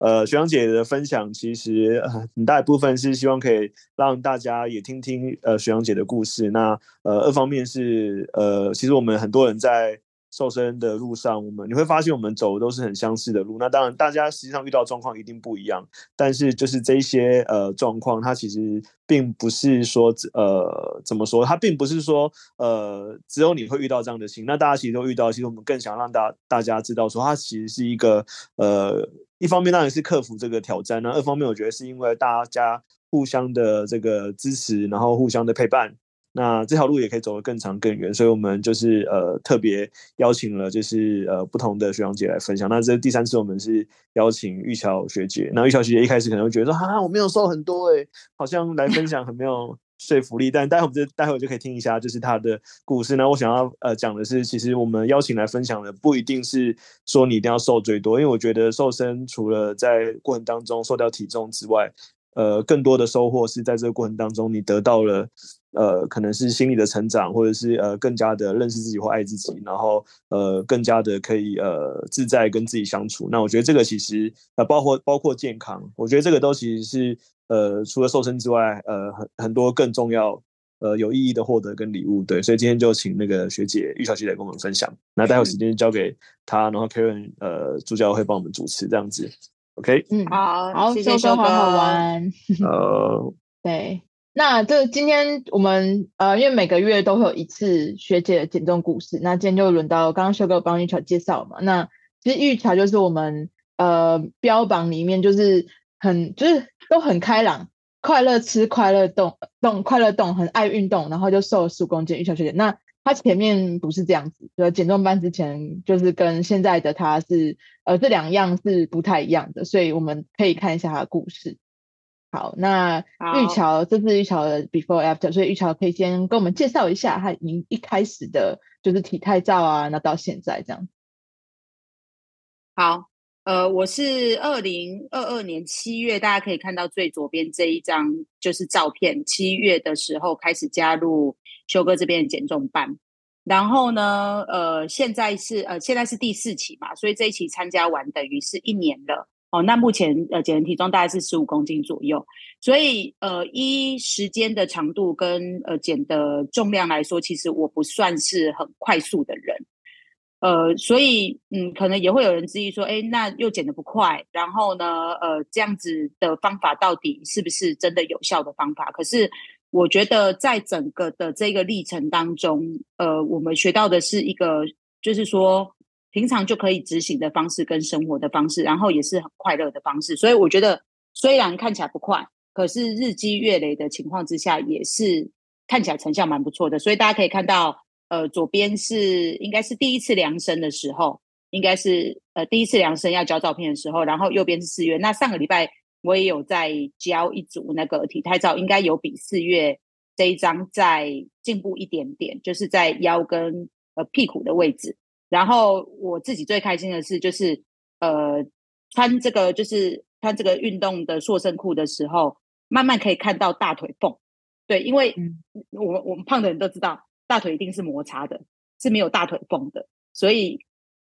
呃，學長姐的分享其實，呃，很大一部分是希望可以讓大家也聽聽呃學長姐的故事。那呃，二方面是呃，其實我們很多人在瘦身的路上，我們你會發現我們走的都是很相似的路。那當然，大家實際上遇到狀況一定不一樣，但是就是這些呃狀況，它其實並不是說呃怎麼說，它並不是說呃只有你會遇到這樣的事情。那大家其實都遇到，其實我們更想讓大家大家知道說，它其實是一個呃。一方面當然是克服這個挑戰，那二方面我覺得是因為大家互相的這個支持，然後互相的陪伴，那這條路也可以走得更長更遠。所以我們就是呃特別邀請了就是呃不同的學長姐來分享。那這第三次我們是邀請毓喬學姐，那毓喬學姐一開始可能會覺得說哈、啊，我沒有瘦很多誒、欸，好像來分享很沒有。 說服力，但待會我們，就待會就可以聽一下，就是他的故事呢。那我想要呃講的是，其實我們邀請來分享的不一定是說你一定要瘦最多，因為我覺得瘦身除了在過程當中瘦掉體重之外，呃，更多的收穫是在這個過程當中你得到了呃，可能是心理的成長，或者是呃更加的認識自己或愛自己，然後呃更加的可以呃自在跟自己相處。那我覺得這個其實，呃，包括包括健康，我覺得這個都其實是。呃，除了瘦身之外，呃，很很多更重要、呃有意義的獲得跟禮物，對，所以今天就請那個學姐毓喬姐來跟我們分享。那待會有時間交給他，嗯、然後 Karin 呃助教會幫我們主持這樣子，OK？嗯，okay? 好，好，謝謝修哥，修哥好好玩。呃、 對，那這今天我們呃，因為每個月都會有一次學姐的減重故事，那今天就輪到剛剛修哥幫毓喬介紹嘛。那其實毓喬就是我們呃標榜裡面就是。很就是都很開朗，快樂吃快樂動、動快樂動，很愛運動，然後就瘦了15公斤。毓喬學姐，那她前面不是這樣子，就減重班之前就是跟現在的她是呃這兩樣是不太一樣的，所以我們可以看一下她的故事。好，那毓喬好這是毓喬的 before after，所以毓喬可以先跟我們介紹一下她一，一開始的就是體態照啊，那到現在這樣子。好。呃，我是二零二二年七月，大家可以看到最左邊這一張就是照片。七月的時候開始加入修哥這邊的減重班，然後呢，呃，現在是呃現在是第四期嘛，所以這一期參加完等於是一年了。哦，那目前呃減的體重大概是十五公斤左右，所以呃依時間的長度跟呃減的重量來說，其實我不算是很快速的人。呃，所以嗯，可能也會有人質疑說，哎，那又減得不快，然後呢，呃，這樣子的方法到底是不是真的有效的方法？可是我覺得，在整個的這個歷程當中，呃，我們學到的是一個，就是說平常就可以執行的方式跟生活的方式，然後也是很快樂的方式。所以我覺得，雖然看起來不快，可是日積月累的情況之下，也是看起來成效蠻不錯的。所以大家可以看到。呃，左邊是應該是第一次量身的時候，應該是呃第一次量身要交照片的時候，然後右邊是四月。那上個禮拜我也有在交一組那個體態照，應該有比四月這一張再進步一點點，就是在腰跟呃屁股的位置。然後我自己最開心的事，就是呃穿這個就是穿這個運動的塑身褲的時候，慢慢可以看到大腿縫。對，因為我我們胖的人都知道。大腿一定是摩擦的，是沒有大腿縫的，所以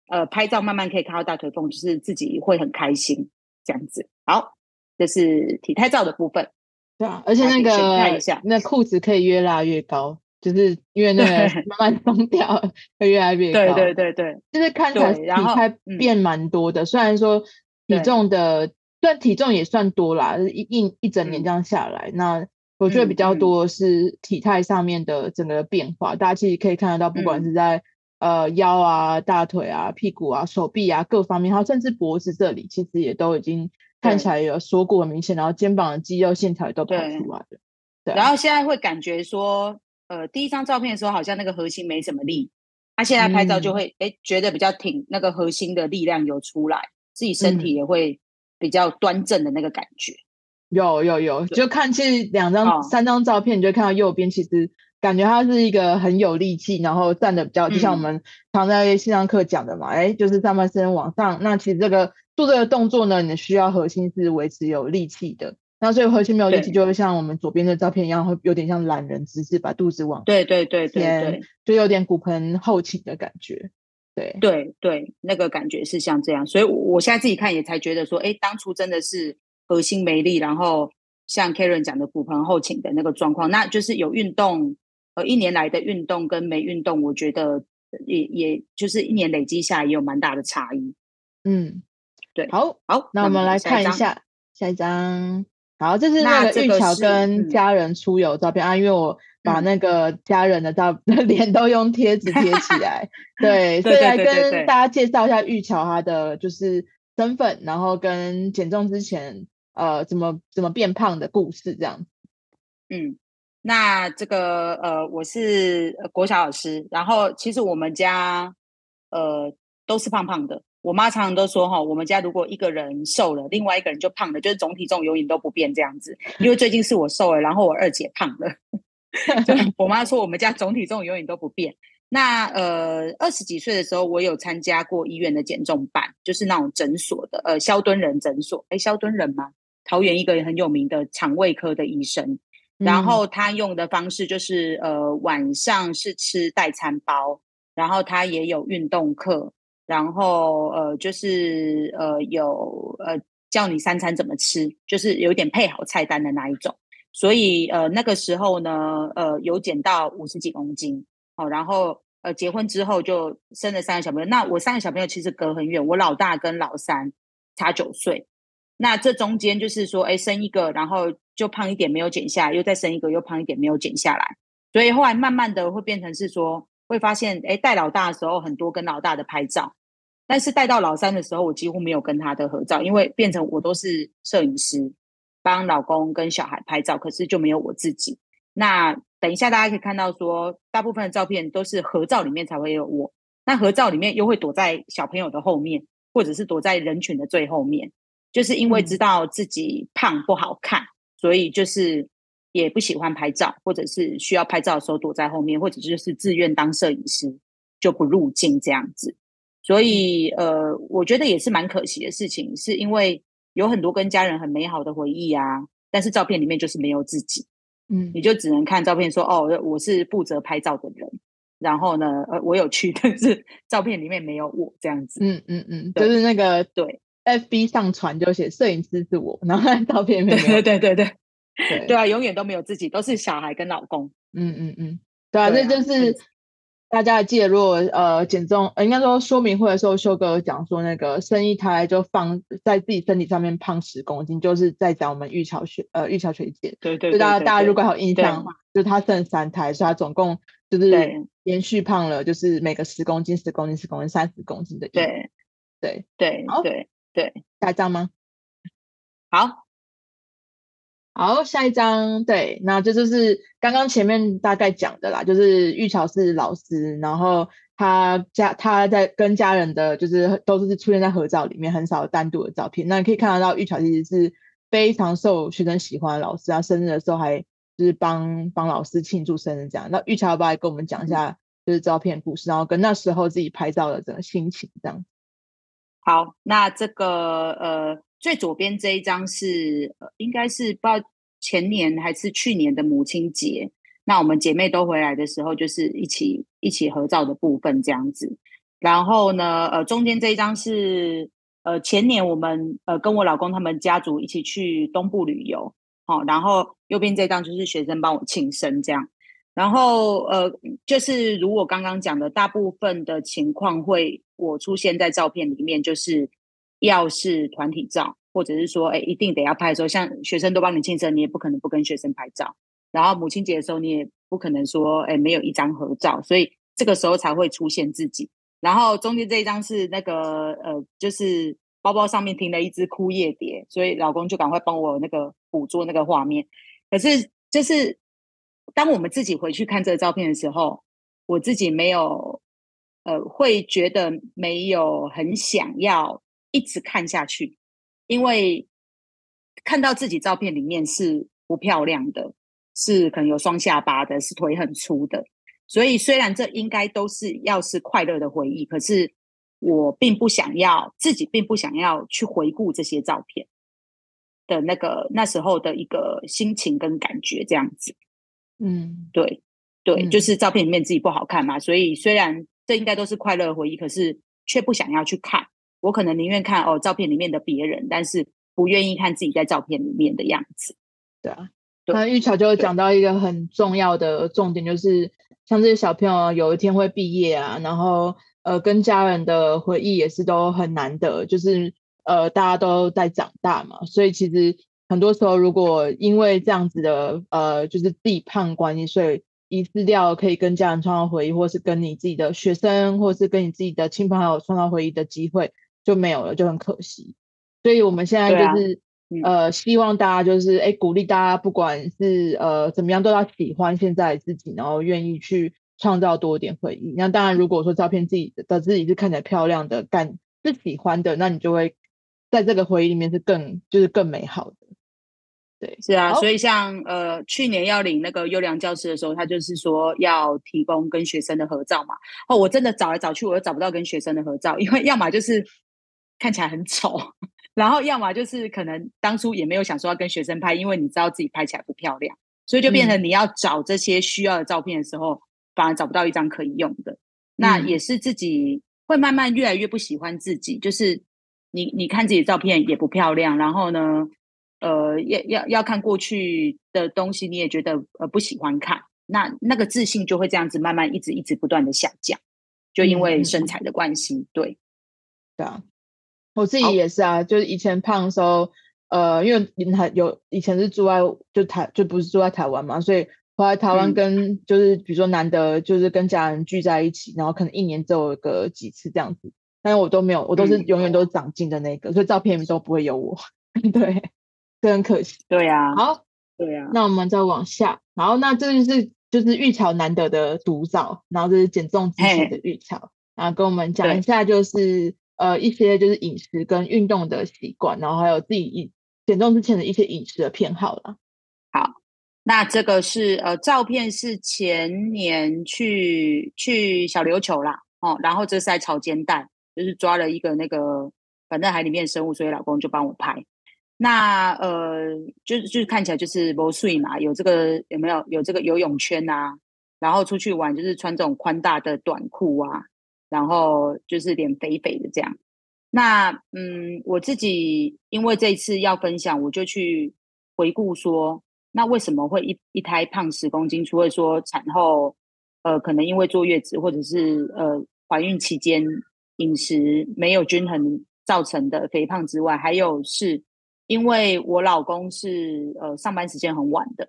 呃，拍照慢慢可以看到大腿縫，就是自己會很開心這樣子。好，這是體態照的部分。對啊，而且那個、嗯、你看一下，那褲子可以越拉越高，就是因為那個慢慢鬆掉，會對越來越高。對對對對，就是看起來還變蠻多的，然後雖然說體重的，但、嗯、體重也算多啦，就是、一一一整年這樣下來，嗯、那。我覺得比較多是體態上面的整個的變化，嗯嗯、大家其實可以看得到，不管是在、嗯、呃腰啊、大腿啊、屁股啊、手臂啊各方面，還有甚至脖子這裡，其實也都已經看起來有鎖骨很明顯，對然後肩膀的肌肉線條也都跑出來了。對，對然後現在會感覺說，呃，第一張照片的時候好像那個核心沒什麼力，他、啊、現在拍照就會哎、嗯、覺得比較挺，那個核心的力量有出來，自己身體也會比較端正的那個感覺。嗯有有有，就看其實兩張、哦、三張照片，你就看到右邊，其實感覺他是一個很有力氣，然後站得比較，嗯嗯就像我們常在線上課講的嘛，哎、欸，就是上半身往上。那其實這個做這個動作呢，你需要核心是維持有力氣的。那所以核心沒有力氣，就會像我們左邊的照片一樣，會對有點像懶人姿勢，直直把肚子往對，對對對對，就有點骨盆後傾的感覺。對對對，那個感覺是像這樣。所以我現在自己看也才覺得說，哎、欸，當初真的是。核心沒力，然後像 Karen 講的骨盆後傾的那個狀況，那就是有運動呃一年來的運動跟沒運動，我覺得也也就是一年累積下來也有蠻大的差異。嗯，對，好，好，那我們來看一下下一張。好，這是那個毓喬跟家人出遊照片啊，因為我把那個家人的照臉都用貼紙貼起來，嗯， 對，所以來跟大家介紹一下毓喬他的就是身份，然後跟減重之前。呃，怎麼怎麼變胖的故事這樣？嗯，那這個呃，我是國小老師，然後其實我們家呃都是胖胖的。我媽常常都說哈、哦，我們家如果一個人瘦了，另外一個人就胖了，就是總體重永遠都不變這樣子。 因為最近是我瘦了，然後我二姐胖了， 我媽說我們家總體重永遠都不變。那呃二十幾歲的時候，我有參加過醫院的減重班，就是那種診所的呃蕭敦仁診所。哎，蕭敦仁嗎？桃園一個很有名的腸胃科的醫生，嗯、然後他用的方式就是呃晚上是吃代餐包，然後他也有運動課，然後呃就是呃有呃叫你三餐怎麼吃，就是有點配好菜單的那一種，所以呃那個時候呢呃有減到五十幾公斤哦，然後呃結婚之後就生了三個小朋友，那我三個小朋友其實隔很遠，我老大跟老三差九歲。那這中間就是說，哎，生一個然後就胖一點，沒有減下來，又再生一個又胖一點，沒有減下來，所以後來慢慢的會變成是說，會發現，哎，帶老大的時候很多跟老大的拍照，但是帶到老三的時候，我幾乎沒有跟他的合照，因為變成我都是攝影師幫老公跟小孩拍照，可是就沒有我自己。那等一下大家可以看到說，說大部分的照片都是合照裡面才會有我，那合照裡面又會躲在小朋友的後面，或者是躲在人群的最後面。就是因為知道自己胖不好看，嗯、所以就是也不喜歡拍照，或者是需要拍照的時候，躲在後面，或者就是自願當攝影師就不入鏡這樣子。所以呃，我覺得也是蠻可惜的事情，是因為有很多跟家人很美好的回憶啊，但是照片裡面就是沒有自己。嗯，你就只能看照片說哦，我是負責拍照的人，然後呢，呃，我有去，但是照片裡面沒有我這樣子。嗯嗯嗯，嗯嗯對就是那個對。FB 上傳就寫攝影師是我，然後照片沒有。對對對對對,對啊，永遠都沒有自己，都是小孩跟老公。嗯嗯嗯，對啊，這、啊、就是大家記得，如果呃減重，呃、應該說說明會的時候，秀哥有講說那個生一胎就放在自己身體上面胖十公斤，就是在講我們毓喬學呃毓喬學姐。對對,對,對對。對大家大家如果還有印象，對就她生三胎，所以她總共就是連續胖了就是每個十公斤十公斤十公斤三十公斤的。對對對對。對，下一張嗎？好好，下一張。對，那這就是剛剛前面大概講的啦，就是毓喬是老師，然後他家他在跟家人的就是都是出現在合照裡面，很少單獨的照片。那你可以看得到毓喬其實是非常受學生喜歡的老師啊，生日的時候還就是幫幫老師慶祝生日這樣。那毓喬要不要跟我們講一下就是照片故事，然後跟那時候自己拍照的整個心情這樣？好，那這個呃，最左邊這一張是呃，應該是不知道前年還是去年的母親節，那我們姐妹都回來的時候，就是一起一起合照的部分這樣子。然後呢，呃，中間這一張是呃前年我們呃跟我老公他們家族一起去東部旅遊，哦，然後右邊這張就是學生幫我慶生這樣。然後呃，就是如我剛剛講的，大部分的情況會我出現在照片裡面，就是要是團體照，或者是說哎，一定得要拍的時候，像學生都幫你慶生，你也不可能不跟學生拍照。然後母親節的時候，你也不可能說哎，沒有一張合照，所以這個時候才會出現自己。然後中間這一張是那個呃，就是包包上面停了一隻枯葉蝶，所以老公就趕快幫我那個捕捉那個畫面。可是就是。當我們自己回去看這個照片的時候，我自己沒有，呃，會覺得沒有很想要一直看下去，因為看到自己照片裡面是不漂亮的，是可能有雙下巴的，是腿很粗的，所以雖然這應該都是要是快樂的回憶，可是我並不想要，自己並不想要去回顧這些照片的那個，那時候的一個心情跟感覺這樣子。嗯，對，對，嗯、就是照片裡面自己不好看嘛，所以雖然這應該都是快樂的回憶，可是卻不想要去看。我可能寧願看哦照片裡面的別人，但是不願意看自己在照片裡面的樣子。對啊，對，那毓喬就講到一個很重要的重點，就是對像這些小朋友有一天會畢業啊，然後呃跟家人的回憶也是都很難得，就是呃大家都在長大嘛，所以其實。很多時候，如果因為這樣子的，呃，就是自己胖的關係，所以遺失掉可以跟家人創造回憶，或是跟你自己的學生，或是跟你自己的親朋好友創造回憶的機會就沒有了，就很可惜。所以我們現在就是，啊、呃，希望大家就是，哎、欸，鼓勵大家，不管是呃怎麼樣，都要喜歡現在自己，然後願意去創造多一點回憶。那當然，如果說照片自己的自己是看起來漂亮的，但，是喜歡的，那你就會在這個回憶裡面是更就是更美好的。對是啊，哦、所以像呃去年要領那個優良教師的時候，他就是說要提供跟學生的合照嘛。哦，我真的找來找去，我又找不到跟學生的合照，因為要麼就是看起來很醜，然後要麼就是可能當初也沒有想說要跟學生拍，因為你知道自己拍起來不漂亮，所以就變成你要找這些需要的照片的時候，反而找不到一張可以用的。那也是自己會慢慢越來越不喜歡自己，就是你你看自己的照片也不漂亮，然後呢？呃，要要要看過去的東西，你也覺得呃不喜歡看，那那個自信就會這樣子慢慢一直一直不斷的下降，就因為身材的關係，嗯、對，這樣、嗯。我自己也是啊，好就是以前胖的時候，呃，因為有以前是住在就台就不是住在台灣嘛，所以回來台灣跟、嗯、就是比如說難得就是跟家人聚在一起，然後可能一年只有個幾次這樣子，但是我都沒有，我都是永遠都是長進的那個，嗯、所以照片裡面都不會有我，對。真可惜，對啊，好，對啊，那我們再往下，然後那這就是就是毓喬難得的獨照，然後這是減重之前的毓喬，嘿然後跟我們講一下就是對呃一些就是飲食跟運動的習慣，然後還有自己飲減重之前的一些飲食的偏好了。好，那這個是呃照片是前年去去小琉球啦，哦、嗯，然後這是在炒煎蛋，就是抓了一個那個反正海裡面的生物，所以老公就幫我拍。那呃，就是就是看起來就是不瘦嘛，有這個有沒有有這個游泳圈啊？然後出去玩就是穿這種寬大的短褲啊，然後就是臉肥肥的這樣。那嗯，我自己因為這一次要分享，我就去回顧說，那為什麼會一一胎胖十公斤？除了說產後呃，可能因為坐月子或者是呃懷孕期間飲食沒有均衡造成的肥胖之外，還有是。因為我老公是呃上班時間很晚的，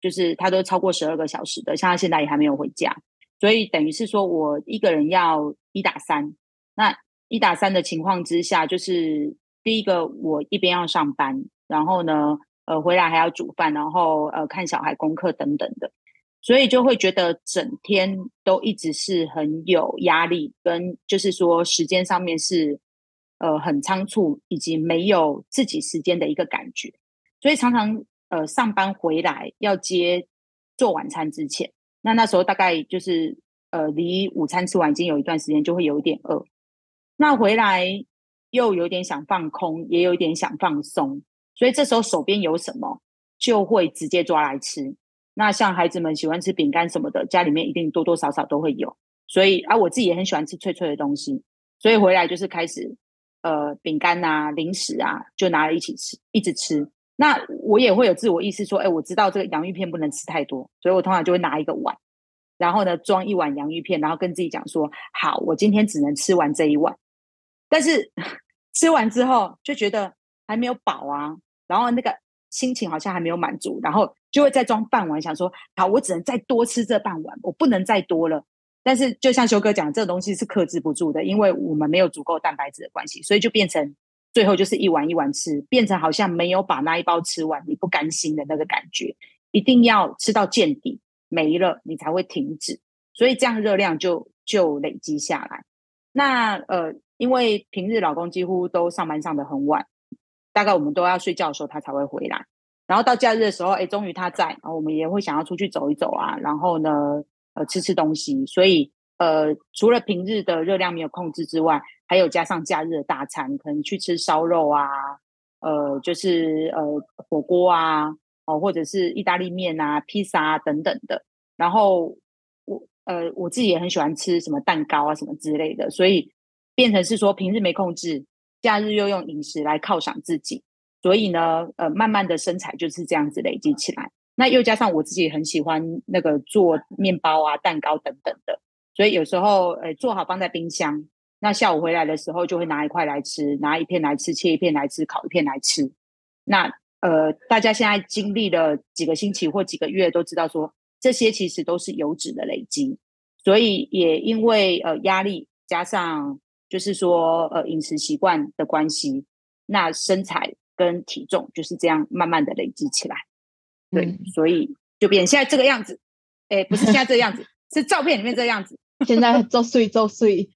就是他都超過十二個小時的，像他現在也還沒有回家，所以等於是說我一個人要一打三。那一打三的情況之下，就是第一個我一邊要上班，然後呢，呃，回來還要煮飯，然後呃看小孩功課等等的，所以就會覺得整天都一直是很有壓力，跟就是說時間上面是。呃，很倉促，以及沒有自己時間的一個感覺，所以常常呃上班回來要接做晚餐之前，那那時候大概就是呃離午餐吃完已經有一段時間，就會有一點餓。那回來又有點想放空，也有一點想放鬆，所以這時候手邊有什麼就會直接抓來吃。那像孩子們喜歡吃餅乾什麼的，家裡面一定多多少少都會有。所以啊，我自己也很喜歡吃脆脆的東西，所以回來就是開始。呃，餅乾啊、零食啊，就拿來一起吃，一直吃。那我也會有自我意識說，哎、欸，我知道這個洋芋片不能吃太多，所以我通常就會拿一個碗，然後呢裝一碗洋芋片，然後跟自己講說，好，我今天只能吃完這一碗。但是吃完之後就覺得還沒有飽啊，然後那個心情好像還沒有滿足，然後就會再裝半碗，想說，好，我只能再多吃這半碗，我不能再多了。但是就像修哥講，這個東西是克制不住的，因為我們沒有足夠蛋白質的關係，所以就變成最後就是一碗一碗吃，變成好像沒有把那一包吃完，你不甘心的那個感覺，一定要吃到見底沒了，你才會停止，所以這樣熱量就就累積下來。那呃，因為平日老公幾乎都上班上得很晚，大概我們都要睡覺的時候他才會回來，然後到假日的時候，誒，終於他在，然後我們也會想要出去走一走啊，然後呢？呃，吃吃東西，所以呃，除了平日的熱量沒有控制之外，還有加上假日的大餐，可能去吃燒肉啊，呃，就是呃火鍋啊，哦，呃，或者是意大利麵啊、披薩啊等等的。然後我呃，我自己也很喜歡吃什麼蛋糕啊、什麼之類的，所以變成是說平日沒控制，假日又用飲食來犒賞自己，所以呢，呃，慢慢的身材就是這樣子累積起來。那又加上我自己很喜歡那個做面包啊、蛋糕等等的，所以有時候呃做好放在冰箱，那下午回來的時候就會拿一塊來吃，拿一片來吃，切一片來吃，烤一片來吃。那呃大家現在經歷了幾個星期或幾個月都知道說，這些其實都是油脂的累積，所以也因為呃壓力加上就是說呃飲食習慣的關係，那身材跟體重就是這樣慢慢的累積起來。對、嗯，所以就變成現在這個樣子，哎、欸，不是現在這個樣子， 是照片裡面這個樣子。現在週歲週歲。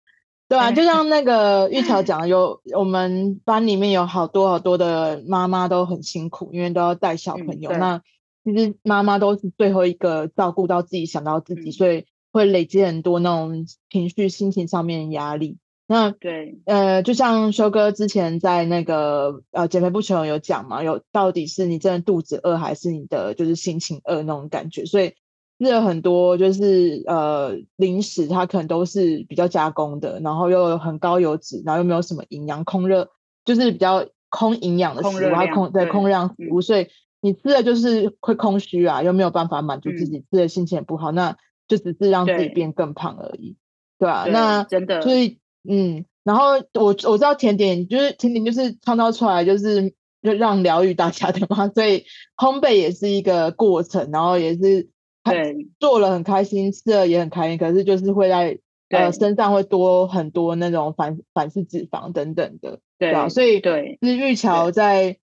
對啊，就像那個毓喬講的，有 我們班裡面有好多好多的媽媽都很辛苦，因為都要帶小朋友。嗯、那其實媽媽都是最後一個照顧到自己、想到自己，嗯、所以會累積很多那種情緒、心情上面的壓力。那對，呃，就像修哥之前在那個呃減肥不求有講嘛，有到底是你真的肚子餓，還是你的就是心情餓那種感覺？所以吃了很多就是呃零食，它可能都是比較加工的，然後又很高油脂，然後又沒有什麼營養，空熱就是比較空營養的食物，熱還空對空量食物，嗯、所以你吃了就是會空虛啊，又沒有辦法滿足自己，嗯、吃了心情也不好，那就只是讓自己變對更胖而已，對吧、啊？對那真的，所以、就是。嗯，然後我我知道甜點就是甜點就是創造出來就是就讓療癒大家的嘛，所以烘焙，也是一個過程，然後也是很對做了很開心，吃了也很開心，可是就是會在對呃身上會多很多那種反反式脂肪等等的，對吧？所以對，是毓喬在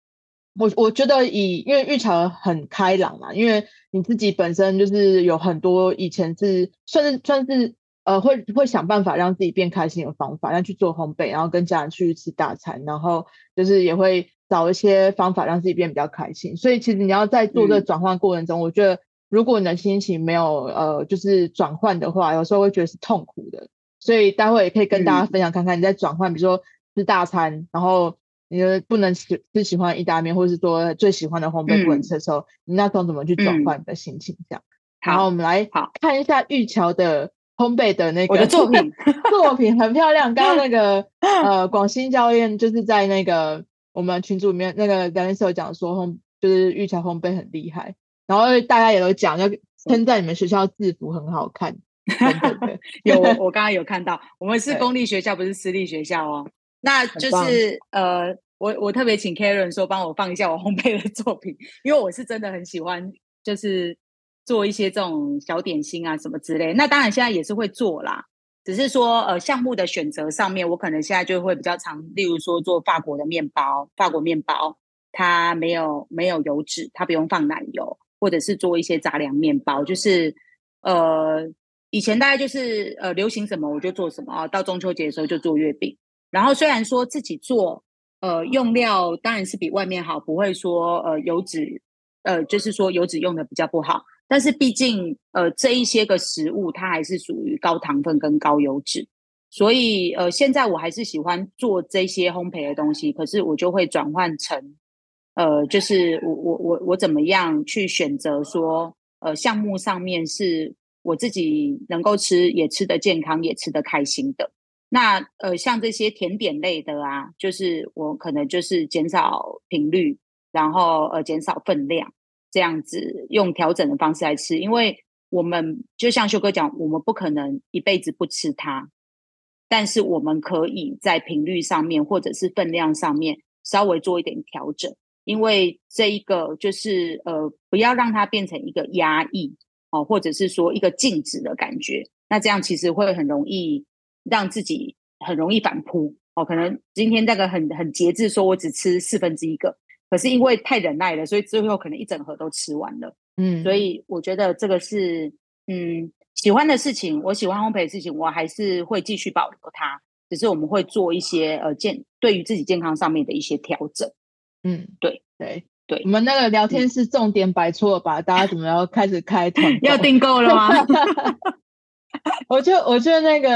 我我覺得以因為毓喬很開朗嘛，因為你自己本身就是有很多以前是算是算是。算是呃，會會想辦法讓自己變開心的方法，像去做烘焙，然後跟家人去吃大餐，然後就是也會找一些方法讓自己變比較開心。所以其實你要在做這個轉換過程中，嗯、我覺得如果你的心情沒有呃，就是轉換的話，有時候會覺得是痛苦的。所以待會也可以跟大家分享看看、嗯、你在轉換，比如說吃大餐，然後你是不能吃，吃喜歡意大利麵，或是做最喜歡的烘焙品的，的時候，嗯、你那種怎麼去轉換你的心情？這樣、嗯、好，好我們來看一下毓喬的。烘焙的那個我的作品，作品很漂亮。 剛剛那個 呃，廣新教練就是在那個 我們群組裡面，那個 Daniel、er、有講說，就是毓喬烘焙很厲害。然後大家也都講，就稱讚你們學校制服很好看 真的，的。有 我，我剛剛有看到，我們是公立學校，對不是私立學校哦。那就是棒呃，我我特別請 Karen 說幫我放一下我烘焙的作品，因為我是真的很喜歡，就是。做一些這種小點心啊，什麼之類，那當然現在也是會做啦，只是說呃項目的選擇上面，我可能現在就會比較常，例如說做法國的麵包，法國麵包它沒有沒有油脂，它不用放奶油，或者是做一些雜糧麵包，就是呃以前大概就是呃流行什麼我就做什麼啊，到中秋節的時候就做月餅，然後雖然說自己做，呃用料當然是比外面好，不會說呃油脂，呃就是說油脂用的比較不好。但是畢竟，呃，這一些個食物它還是屬於高糖分跟高油脂，所以呃，現在我還是喜歡做這些烘焙的東西，可是我就會轉換成，呃，就是我我我我怎麼樣去選擇說，呃，項目上面是我自己能夠吃也吃得健康也吃得開心的，那呃，像這些甜點類的啊，就是我可能就是減少頻率，然後呃，減少分量。這樣子用調整的方式來吃，因為我們就像修哥講，我們不可能一輩子不吃它，但是我們可以在頻率上面或者是分量上面稍微做一點調整，因為這一個就是呃，不要讓它變成一個壓抑哦，或者是說一個禁止的感覺，那這樣其實會很容易讓自己很容易反撲哦，可能今天這個很很節制，說我只吃四分之一個。可是因為太忍耐了，所以最後可能一整盒都吃完了。嗯，所以我覺得這個是嗯喜歡的事情，我喜歡烘焙的事情，我還是會繼續保留它。只是我們會做一些呃健對於自己健康上面的一些調整。嗯，對對對。對對我們那個聊天室重點擺錯了吧？嗯、大家怎麼要開始開團 要訂購了嗎？ 我就我就那個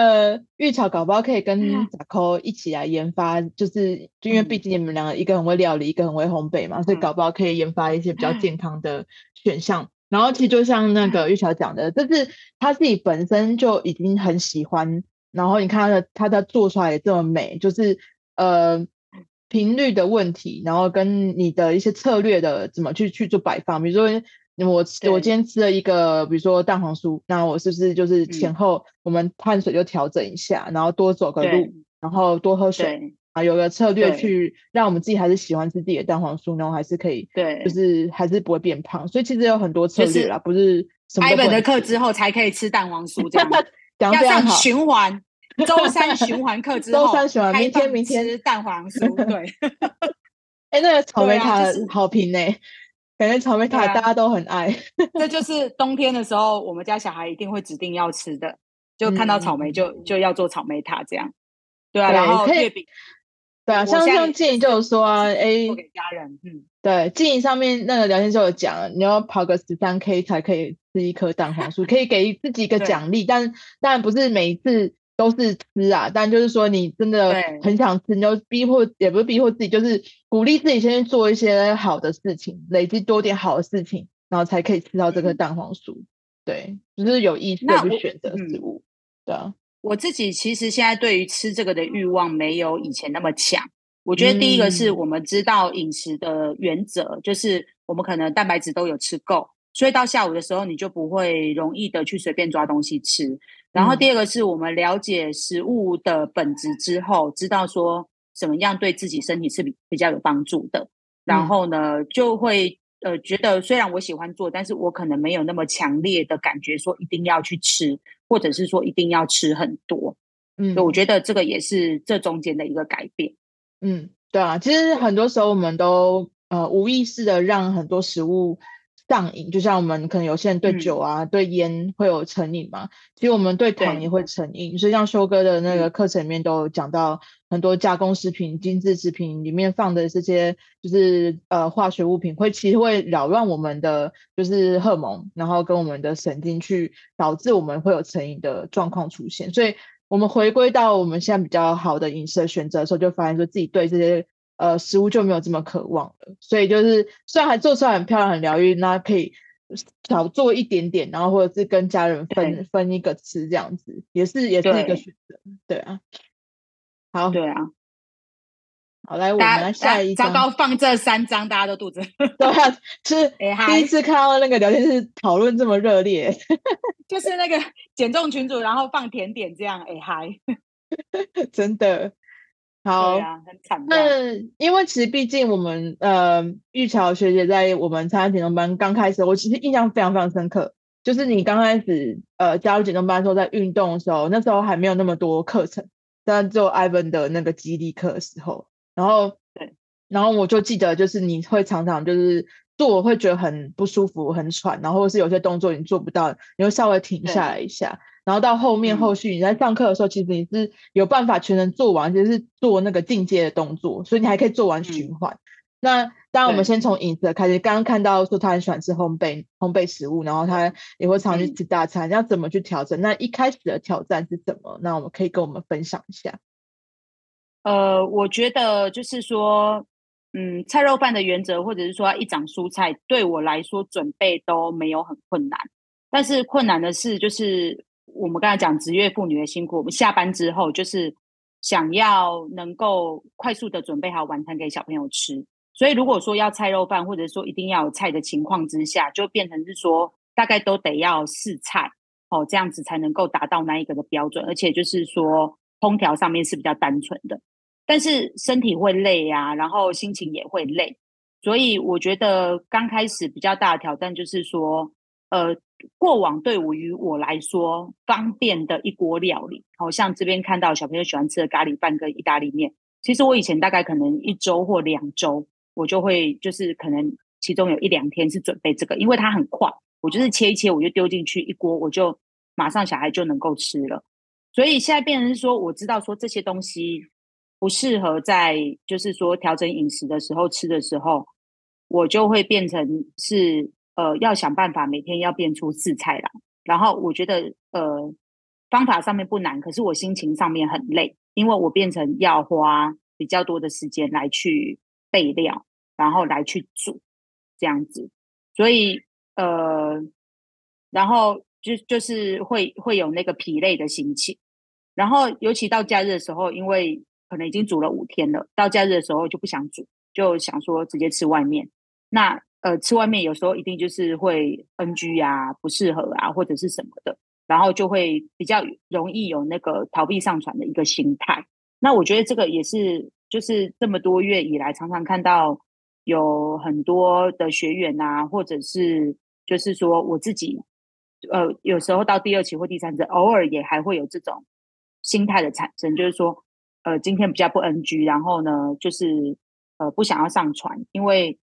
毓喬，搞不好可以跟咋摳一起來研發，嗯、就是因為畢竟你們兩個一個很會料理，嗯、一個很會烘焙嘛，嗯、所以搞不好可以研發一些比較健康的選項。嗯、然後其實就像那個毓喬講的，就、嗯、是他自己本身就已經很喜歡，然後你看他的他的做出來也這麼美，就是呃頻率的問題，然後跟你的一些策略的怎麼去去做擺放，比如說。我我今天吃了一個，比如說蛋黃酥，那我是不是就是前後我們碳水就調整一下，然後多走個路，然後多喝水啊，有個策略去讓我們自己還是喜歡吃自己的蛋黃酥，然後還是可以，對，就是還是不會變胖。所以其實有很多策略啦，不是什麼 Ivan 的課之後才可以吃蛋黃酥這樣，要上循環，周三循環課之後，周三循環，明天明天是蛋黃酥，對。哎，那個草莓塔好評呢？感覺草莓塔大家都很愛，啊， 這就是冬天的時候，我們家小孩一定會指定要吃的。就看到草莓就、嗯、就要做草莓塔這樣，對啊，對然後月餅，對啊，現像像靜怡就是說，哎，嗯、對，靜怡上面那個聊天就有講，你要跑個十三 K 才可以吃一顆蛋黃酥， 可以給自己一個獎勵，啊、但當然不是每一次。都是吃啊，但就是說你真的很想吃，你就逼迫對也不是逼迫自己，就是鼓勵自己先做一些好的事情，累積多點好的事情，然後才可以吃到這顆蛋黃酥。嗯、對，就是有意識去選擇食物。我對啊，嗯、我自己其實現在對於吃這個的欲望沒有以前那麼強。我覺得第一個是我們知道飲食的原則，嗯、就是我們可能蛋白質都有吃夠，所以到下午的時候你就不會容易的去隨便抓東西吃。然後第二個是我們了解食物的本質之後，嗯、知道說怎麼樣對自己身體是比、嗯、比較有幫助的。然後呢，就會呃覺得雖然我喜歡做，但是我可能沒有那麼強烈的感覺說一定要去吃，或者是說一定要吃很多。嗯，所以我覺得這個也是這中間的一個改變。嗯，對啊，其實很多時候我們都呃無意識的讓很多食物。上癮，就像我們可能有些人對酒啊、嗯、對煙會有成癮嘛，其實我們對糖也會成癮。對所以像修哥的那個課程裡面都有講到很多加工食品、嗯、精致食品裡面放的這些，就是呃化學物品會，會其實會擾亂我們的就是荷爾蒙，然後跟我們的神經去導致我們會有成癮的狀況出現。所以，我們回歸到我們現在比較好的飲食的選擇的時候，就發現說自己對這些。呃，食物就沒有這麼渴望了，所以就是雖然還做出來很漂亮，很療癒，那可以少做一點點，然後或者是跟家人分對分一個吃，這樣子也是也是一個選擇，對，對啊。好，對啊，好來，我們來下一張，放這三張，大家都肚子都要吃。 啊，第一次看到那個聊天室討論這麼熱烈， 就是那個減重群組，然後放甜點這樣，哎、欸、嗨， 真的。好，那、啊嗯、因為其實畢竟我們呃毓喬學姐在我們參加減重班剛開始，我其實印象非常非常深刻，就是你剛開始呃加入減重班的時候，在運動的時候，那時候還沒有那麼多課程，但只有 Ivan 的那個肌力課時候，然後對，然後我就記得就是你會常常就是做我會覺得很不舒服、很喘，然後或是有些動作你做不到，你會稍微停下來一下。然後到後面後續你在上課的時候，其實你是有辦法全程做完，就是做那個進階的動作，所以你還可以做完循環。嗯、那當然，我們先從飲食開始。對剛剛看到說他很喜歡吃烘焙烘焙食物，然後他也會常去吃大餐，嗯、要怎麼去調整？那一開始的挑戰是什麼？那我們可以跟我們分享一下。呃，我覺得就是說，嗯，菜肉飯的原則，或者是說一掌蔬菜，對我來說準備都沒有很困難，但是困難的是就是。我們剛才講職業婦女的辛苦，我們下班之後就是想要能夠快速的準備好晚餐給小朋友吃，所以如果說要菜肉飯，或者說一定要有菜的情況之下，就變成是說大概都得要試菜哦，這樣子才能夠達到那一個的標準，而且就是說烹調上面是比較單純的，但是身體會累啊，然後心情也會累，所以我覺得剛開始比較大的挑戰就是說，呃。過往對我於我來說方便的一鍋料理，哦，好像這邊看到小朋友喜歡吃的咖喱飯跟意大利麵，其實我以前大概可能一周或兩周，我就會就是可能其中有一兩天是準備這個，因為它很快，我就是切一切，我就丟進去一鍋，我就馬上小孩就能夠吃了。所以現在變成是說，我知道說這些東西不適合在就是說調整飲食的時候吃的時候，我就會變成是。呃，要想辦法每天要變出四菜來。然後我覺得，呃，方法上面不難，可是我心情上面很累，因為我變成要花比較多的時間來去備料，然後來去煮這樣子。所以，呃，然後就就是會會有那個疲累的心情。然後尤其到假日的時候，因為可能已經煮了五天了，到假日的時候就不想煮，就想說直接吃外面。那。呃，吃外面有時候一定就是會 NG 啊，不適合啊，或者是什麼的，然後就會比較容易有那個逃避上傳的一個心態。那我覺得這個也是，就是這麼多月以來，常常看到有很多的學員啊，或者是就是說我自己，呃，有時候到第二期或第三期，偶爾也還會有這種心態的產生，就是說，呃，今天比較不 NG，然後呢，就是呃，不想要上傳，因為。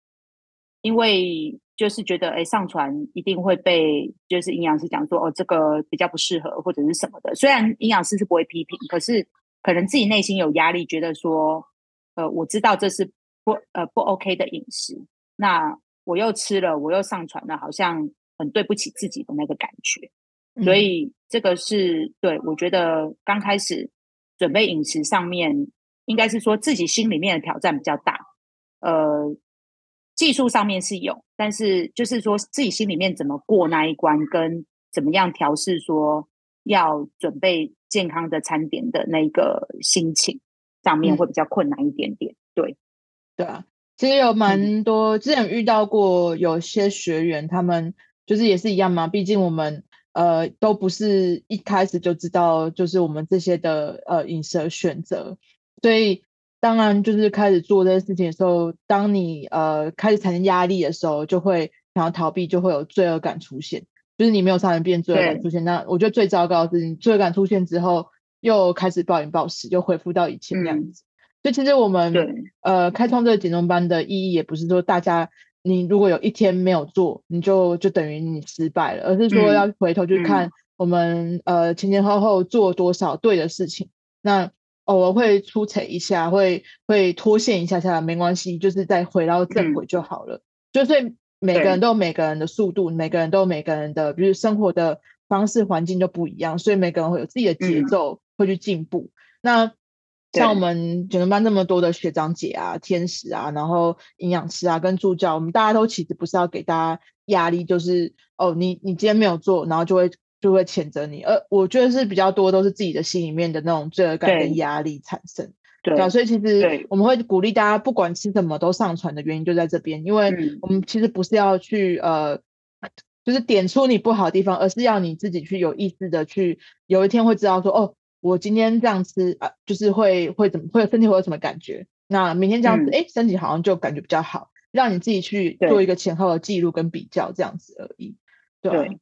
因為就是覺得，哎，上傳一定會被，就是營養師講說，哦，這個比較不適合，或者是什麼的。雖然營養師是不會批評，可是可能自己內心有壓力，覺得說，呃，我知道這是不，呃，不 OK 的飲食。那我又吃了，我又上傳了，好像很對不起自己的那個感覺。嗯。所以這個是對我覺得剛開始準備飲食上面，應該是說自己心裡面的挑戰比較大。呃。技術上面是有，但是就是說自己心裡面怎麼過那一關，跟怎麼樣調適說要準備健康的餐點的那個心情上面會比較困難一點點。嗯、對，對啊，其實有蠻多、嗯、之前遇到過有些學員，他們就是也是一樣嘛。畢竟我們呃都不是一開始就知道，就是我們這些的呃飲食選擇，所以。當然，就是開始做這些事情的時候，當你呃開始產生壓力的時候，就會想要逃避，就會有罪惡感出現。就是你沒有殺人變罪惡感出現。對那我覺得最糟糕的是你罪惡感出現之後，又開始暴飲暴食，又恢復到以前那樣子。嗯、所以其實我們對呃開創這個減重班的意義，也不是說大家你如果有一天沒有做，你就就等於你失敗了，而是說要回頭去看我們、嗯、呃前前後後做多少對的事情。那偶爾會出彩一下，會會脫線一下下，沒關係，就是再回到正軌就好了。嗯、就是每個人都有每個人的速度，對每個人都有每個人的，比如生活的方式、環境都不一樣，所以每個人會有自己的節奏，嗯、會去進步。那像我們全能班那麼多的學長姐啊、對天使啊，然後營養師啊、跟助教，我們大家都其實不是要給大家壓力，就是哦，你你今天沒有做，然後就會。就會譴責你，而我覺得是比較多都是自己的心裡面的那種罪惡感跟壓力產生。對，對、啊，所以其實我們會鼓勵大家不管吃什麼都上傳的原因就在這邊，因為我們其實不是要去、嗯、呃，就是點出你不好的地方，而是要你自己去有意識的去，有一天會知道說，哦，我今天這樣吃啊、呃，就是會會怎麼，會身體會有什麼感覺？那明天這樣子，哎、嗯，身體好像就感覺比較好，讓你自己去做一個前後的記錄跟比較，對這樣子而已。對。對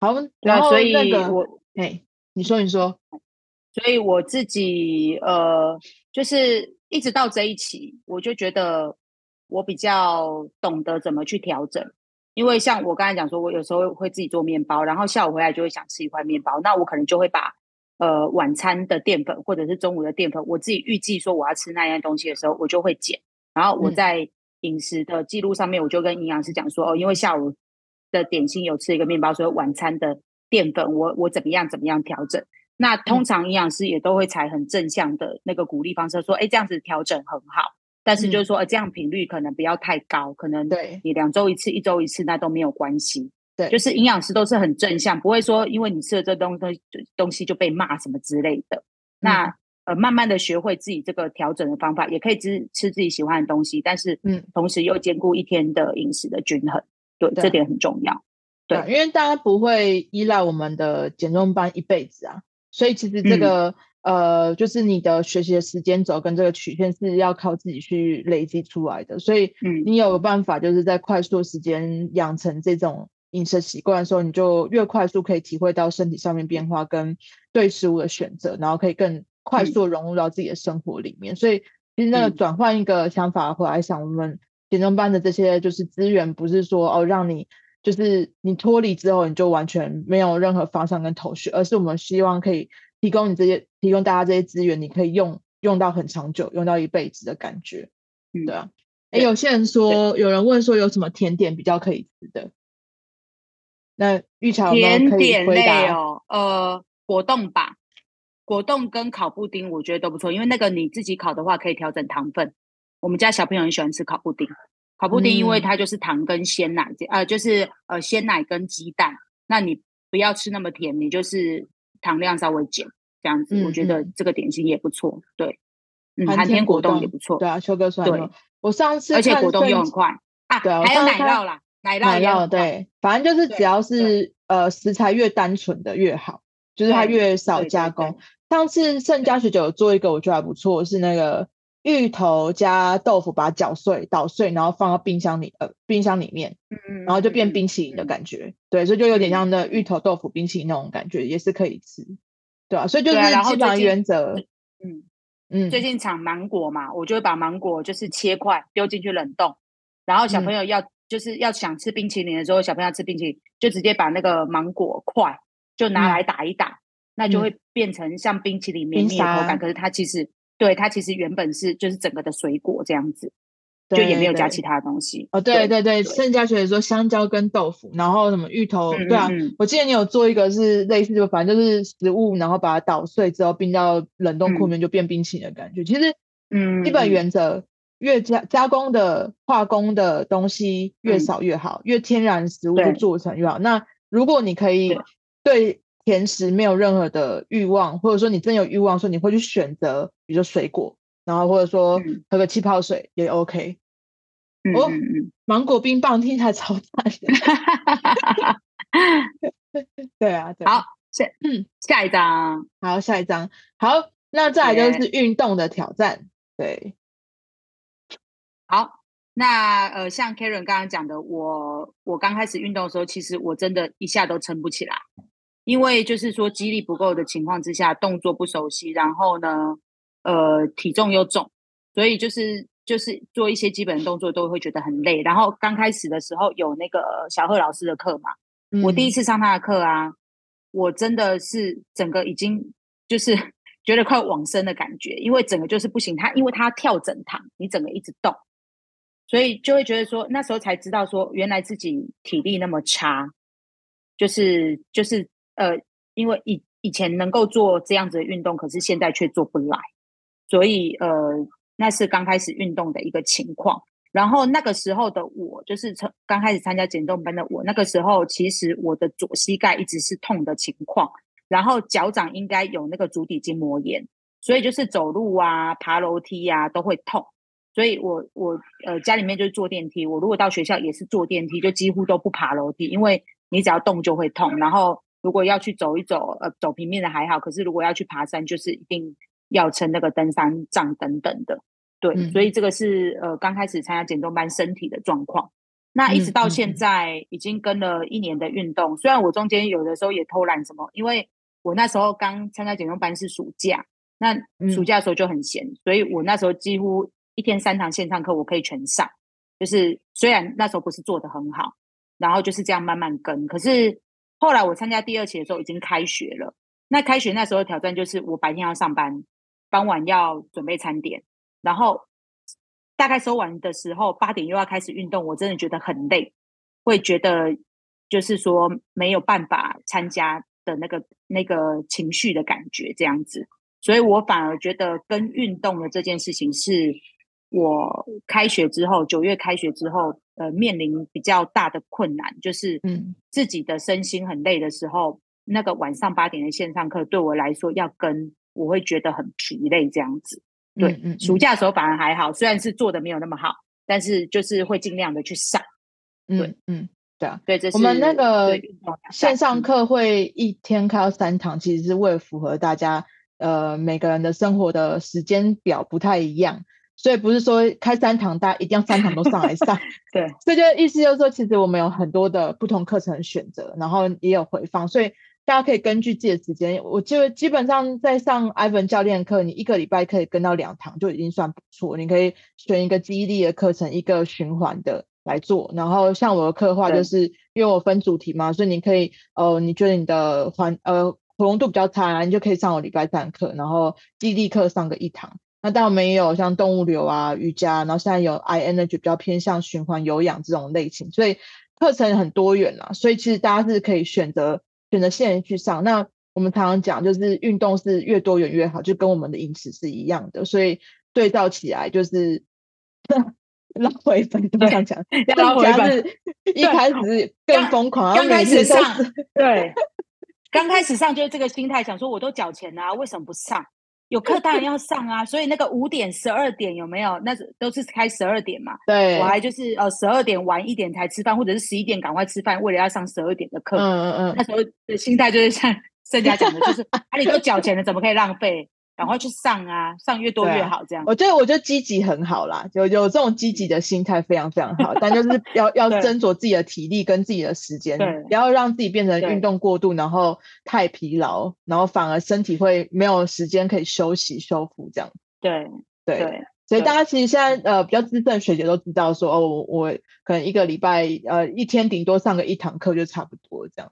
好，那所以、那個、我，哎，你說你說，所以我自己呃，就是一直到這一期，我就覺得我比較懂得怎麼去調整，因為像我剛才講說，我有時候會自己做麵包，然後下午回來就會想吃一塊麵包，那我可能就會把呃晚餐的澱粉或者是中午的澱粉，我自己預計說，我要吃那樣東西的時候，我就會減，然後我在飲食的記錄上面，我就跟營養師講說，嗯、哦，因為下午。的點心有吃一個麵包，所以晚餐的澱粉，我我怎麼樣怎麼樣調整？那通常營養師也都會採很正向的那個鼓勵方式，說：“哎、欸，這樣子調整很好。”但是就是說，嗯、呃，這樣頻率可能不要太高，可能對，你兩周一次、對一周一次，那都沒有關係。對，就是營養師都是很正向，不會說因為你吃了這東東西就，東西就被罵什麼之類的。那、嗯、呃，慢慢的學會自己這個調整的方法，也可以吃吃自己喜歡的東西，但是嗯，同時又兼顧一天的飲食的均衡。對，對，這點很重要。對，對，因為大家不會依賴我們的減重班一輩子啊，所以其實這個、嗯、呃，就是你的學習的時間軸跟這個曲線是要靠自己去累積出來的。所以，你有辦法就是在快速的時間養成這種飲食習慣的時候，你就越快速可以體會到身體上面變化跟對食物的選擇，然後可以更快速融入到自己的生活裡面。嗯、所以，其實那個轉換一個想法回來想我們減重班的這些就是資源，不是說哦，讓你就是你脫離之後你就完全沒有任何方向跟頭緒，而是我們希望可以提供你這些提供大家這些資源，你可以用用到很長久，用到一輩子的感覺。嗯、對啊，哎、欸，對有些人說，對有人問說有什麼甜點比較可以吃的？那毓喬有沒有甜點類哦，呃，果凍吧，果凍跟烤布丁我覺得都不錯，因為那個你自己烤的話可以調整糖分。我們家小朋友很喜歡吃烤布丁，烤布丁因為它就是糖跟鮮奶，呃，就是呃鮮奶跟雞蛋。那你不要吃那麼甜，你就是糖量稍微減，這樣子我覺得這個點心也不錯。對，嗯，寒天果凍也不錯。對啊，秋哥說對，我上次而且果凍又很快啊，對，還有奶酪啦，奶酪，奶酪對，反正就是只要是呃食材越單純的越好，就是它越少加工。上次盛佳學姊有做一個，我覺得還不錯，是那個。芋頭加豆腐，把它攪碎搗碎，然後放到冰箱裡，呃，冰箱裡面，嗯嗯，然後就變冰淇淋的感覺，嗯嗯、對，所以就有點像那芋頭豆腐冰淇淋那種感覺，嗯、也是可以吃，對啊。所以就是、啊，然後講原則，嗯嗯，嗯最近產芒果嘛，我就會把芒果就是切塊丟進去冷凍，然後小朋友要、嗯、就是要想吃冰淇淋的時候，小朋友要吃冰淇淋，就直接把那個芒果塊就拿來打一打，嗯啊、那就會變成像冰淇淋綿密的口感，嗯、可是它其實。對，它其實原本是就是整個的水果這樣子，對對就也沒有加其他東西哦。對對對，對對剩下就是說香蕉跟豆腐，然後什麼芋頭，嗯嗯對啊。我記得你有做一個是類似的，就反正就是食物，然後把它搗碎之後冰到冷凍庫裡面就變冰淇淋的感覺。嗯、其實，嗯、嗯，基本原則越加加工的化工的東西越少越好，嗯、越天然食物做成越好。對那如果你可以對。對甜食沒有任何的慾望，或者說你真有慾望，說你會去選擇，比如說水果，然後或者說喝個氣泡水也 OK。嗯、哦，芒果冰棒聽起來超讚。 對啊，對，好，嗯，下一張，好，下一張，好，那再來就是運動的挑戰。對，對好，那呃，像 Karen 剛剛講的，我我剛開始運動的時候，其實我真的一下都撐不起來。因為就是說，肌力不夠的情況之下，動作不熟悉，然後呢，呃，體重又重，所以就是就是做一些基本的動作都會覺得很累。然後剛開始的時候有那個小賀老師的課嘛，我第一次上他的課啊，嗯、我真的是整個已經就是覺得快往生的感覺，因為整個就是不行。他因為他跳整堂，你整個一直動，所以就會覺得說，那時候才知道說，原來自己體力那麼差，就是就是。呃，因為以以前能夠做這樣子的運動，可是現在卻做不來，所以呃，那是剛開始運動的一個情況。然後那個時候的我，就是剛開始參加減重班的我，那個時候其實我的左膝蓋一直是痛的情況，然後腳掌應該有那個足底筋膜炎，所以就是走路啊、爬樓梯啊都會痛。所以我我呃，家裡面就是坐電梯，我如果到學校也是坐電梯，就幾乎都不爬樓梯，因為你只要動就會痛，然後。如果要去走一走，呃，走平面的還好。可是如果要去爬山，就是一定要撐那個登山杖等等的。對，嗯、所以這個是呃剛開始參加減重班身體的狀況。那一直到現在已經跟了一年的運動，嗯嗯嗯雖然我中間有的時候也偷懶什麼，因為我那時候剛參加減重班是暑假，那暑假的時候就很閒，嗯、所以我那時候幾乎一天三堂線上課我可以全上，就是雖然那時候不是做得很好，然後就是這樣慢慢跟，可是。後來我參加第二期的時候已經開學了，那開學那時候的挑戰就是我白天要上班，傍晚要準備餐點，然後大概收完的時候八點又要開始運動，我真的覺得很累，會覺得就是說沒有辦法參加的那個那個情緒的感覺這樣子，所以我反而覺得跟運動的這件事情是我開學之後九月開學之後。呃，面臨比較大的困難，就是自己的身心很累的時候，嗯、那個晚上八點的線上課對我來說，要跟我會覺得很疲累這樣子。嗯嗯嗯、對，暑假的時候反而還好，雖然是做的沒有那麼好，但是就是會儘量的去上。對，嗯，嗯，對啊，對，這是我們那個線上課會一天開三堂，其實是為了符合大家呃每個人的生活的時間表不太一樣。所以不是說開三堂大家一定要三堂都上來上， 對，這就意思就是說，其實我們有很多的不同課程的選擇，然後也有回放，所以大家可以根據自己的時間。我就基本上在上 Ivan 教練課，你一個禮拜可以跟到兩堂就已經算不錯。你可以選一個激勵的課程，一個循環的來做。然後像我的課的話，就是因為我分主題嘛，對所以你可以，呃，你覺得你的環呃活動度比較差，你就可以上我禮拜三課，然後激勵課上個一堂。那倒沒有像動物流啊、瑜伽，然後現在有 I Energy，比較偏向循環有氧這種類型，所以課程很多元啊，所以其實大家是可以選擇選擇線去上。那我們常常講，就是運動是越多元越好，就跟我們的飲食是一樣的。所以對照起來，就是要回本不想講，要回本一開始更瘋狂剛剛，剛開始上 對，剛開始上就是這個心態，想說我都繳錢了啊，為什麼不上？ 有課當然要上啊，所以那個五點十二點有沒有？那都是開十二點嘛。對，我還就是呃十二點晚一點才吃飯，或者是十一點趕快吃飯，為了要上十二點的課。嗯嗯嗯，那時候的心態就是像盛佳講的，就是 啊，你都繳錢了，怎麼可以浪費？趕快去上啊，上越多越好，這樣。我，我覺得我覺得積極很好啦，有有這種積極的心態非常非常好， 但就是要要斟酌自己的體力跟自己的時間，對不要讓自己變成運動過度，然後太疲勞，對然後反而身體會沒有時間可以休息修復這樣。對對，對所以大家其實現在對呃比較資深的學姐都知道說，哦我，我可能一個禮拜呃一天頂多上個一堂課就差不多這樣。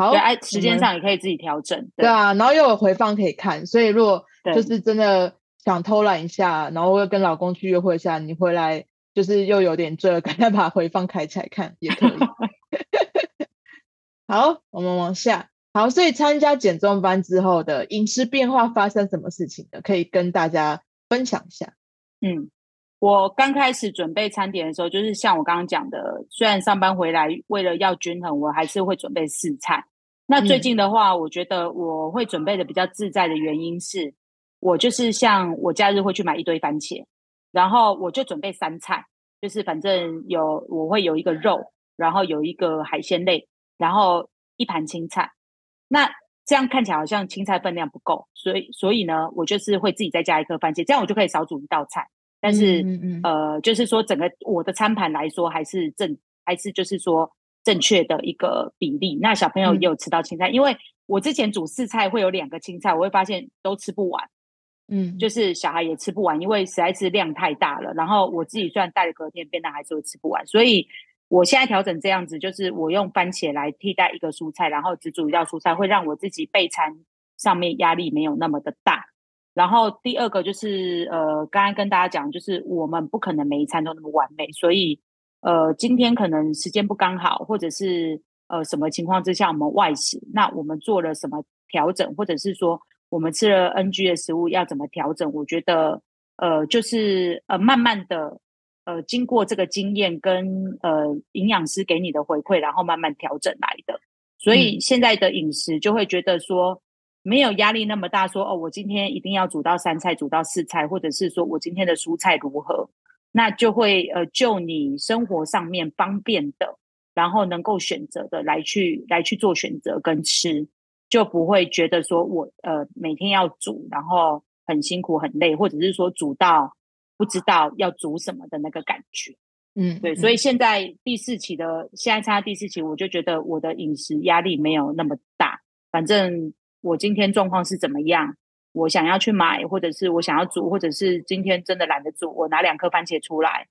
好，時間上也可以自己調整。們對啊，然後又有回放可以看，所以如果就是真的想偷懶一下，對然後又跟老公去約會一下，你回來就是又有點醉了，趕快把回放開起來看也可以。 好，我們往下。好，所以參加減重班之後的飲食變化發生什麼事情的，可以跟大家分享一下。嗯，我剛開始準備餐點的時候，就是像我剛剛講的，雖然上班回來為了要均衡，我還是會準備四菜。那最近的話，我覺得我會準備的比較自在的原因是，我就是像我假日會去買一堆番茄，然後我就準備三菜，就是反正有我會有一個肉，然後有一個海鮮類，然後一盤青菜。那這樣看起來好像青菜分量不夠，所以所以呢，我就是會自己再加一顆番茄，這樣我就可以少煮一道菜。但是呃，就是說整個我的餐盤來說，還是正，還是就是說，正確的一個比例，那小朋友也有吃到青菜，嗯、因為我之前煮四菜會有兩個青菜，我會發現都吃不完，嗯，就是小孩也吃不完，因為實在是量太大了。然後我自己算帶了隔天，便當還是會吃不完，所以我現在調整這樣子，就是我用番茄來替代一個蔬菜，然後只煮一道蔬菜，會讓我自己備餐上面壓力沒有那麼的大。然後第二個就是呃，剛剛跟大家講，就是我們不可能每一餐都那麼完美，所以。呃，今天可能時間不剛好，或者是呃什麼情況之下，我們外食，那我們做了什麼調整，或者是說我們吃了 NG 的食物要怎麼調整？我覺得呃，就是呃慢慢的，呃經過這個經驗跟呃營養師給你的回饋，然後慢慢調整來的。所以現在的飲食就會覺得說沒有壓力那麼大，說哦，我今天一定要煮到三菜煮到四菜，或者是說我今天的蔬菜如何。那就會呃，就你生活上面方便的，然後能夠選擇的來去來去做選擇跟吃，就不會覺得說我呃每天要煮，然後很辛苦很累，或者是說煮到不知道要煮什麼的那個感覺。嗯，對，嗯、所以現在第四期的現在參加第四期，我就覺得我的飲食壓力沒有那麼大。反正我今天狀況是怎麼樣，我想要去買，或者是我想要煮，或者是今天真的懶得煮，我拿兩顆番茄出來，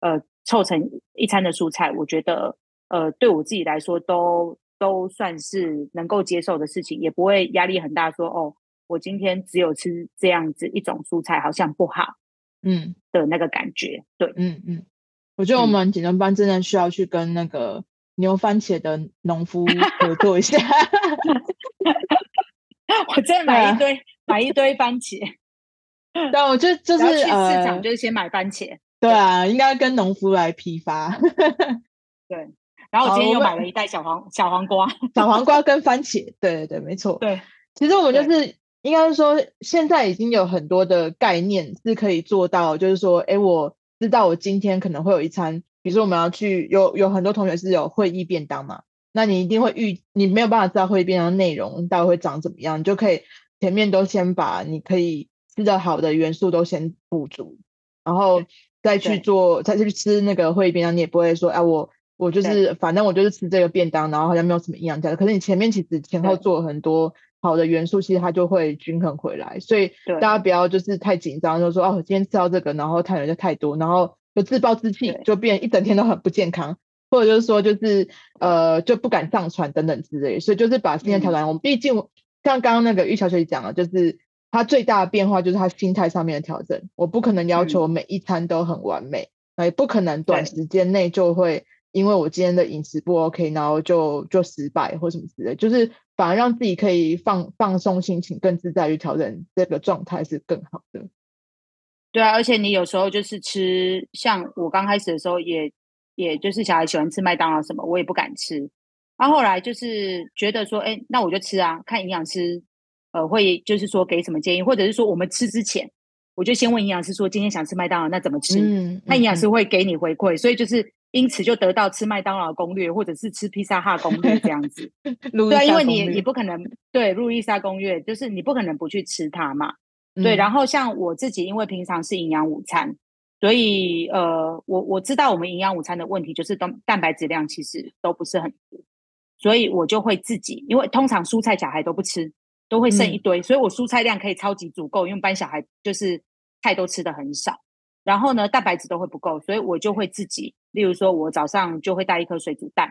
呃，湊成一餐的蔬菜，我覺得呃，對我自己來說都都算是能夠接受的事情，也不會壓力很大說，說哦，我今天只有吃這樣子一種蔬菜，好像不好，嗯，的那個感覺，對，嗯嗯，我覺得我們減重班真的需要去跟那個牛番茄的農夫合作一下， 我再買一堆、哎。買一堆番茄， 但我就就是去市場，就是先買番茄。呃、對啊，對應該跟農夫來批發。 對，然後我今天又買了一袋小黃小黃瓜，小黃瓜跟番茄。 對對對，沒錯。對，對其實我就是應該說，現在已經有很多的概念是可以做到，就是說，哎、欸，我知道我今天可能會有一餐，比如說我們要去，有有很多同學是有會議便當嘛，那你一定會預，你沒有辦法知道會議便當內容大概會長怎麼樣，你就可以。前面都先把你可以吃的好的元素都先補足，然後再去做，對再去吃那個會便當，你也不會說，哎、啊，我我就是對反正我就是吃這個便當，然後好像沒有什麼營養價值。可是你前面其實前後做了很多好的元素，對其實它就會均衡回來。所以大家不要就是太緊張，就說哦，對啊、我今天吃到這個，然後碳水就太多，然後就自暴自棄，對就變一整天都很不健康，或者就是說就是呃就不敢上傳等等之類的。所以就是把心態調轉，嗯、我們畢竟。像剛剛那個毓喬學姊講了，就是他最大的變化就是他心態上面的調整。我不可能要求每一餐都很完美，那、嗯、也不可能短時間內就會，對因為我今天的飲食不 OK，然後就就失敗或什麼之類。就是反而讓自己可以放放鬆心情，更自在地調整這個狀態是更好的。對啊，而且你有時候就是吃，像我剛開始的時候也也就是小孩喜歡吃麥當勞什麼，我也不敢吃。然、啊、後來就是覺得說，哎、欸，那我就吃啊，看營養師，呃，會就是說給什麼建議，或者是說我們吃之前，我就先問營養師說，今天想吃麥當勞，那怎麼吃？那營養師會給你回饋，嗯、所以就是因此就得到吃麥當勞攻略，或者是吃披薩哈攻略這樣子。 對，因為你你不可能 對路易莎攻略，就是你不可能不去吃它嘛。嗯、對，然後像我自己，因為平常是營養午餐，所以呃，我我知道我們營養午餐的問題，就是都蛋白質量其實都不是很所以我就會自己，因為通常蔬菜小孩都不吃，都會剩一堆，嗯、所以我蔬菜量可以超級足夠。因為一般小孩就是菜都吃得很少，然後呢蛋白質都會不夠，所以我就會自己，例如說我早上就會帶一顆水煮蛋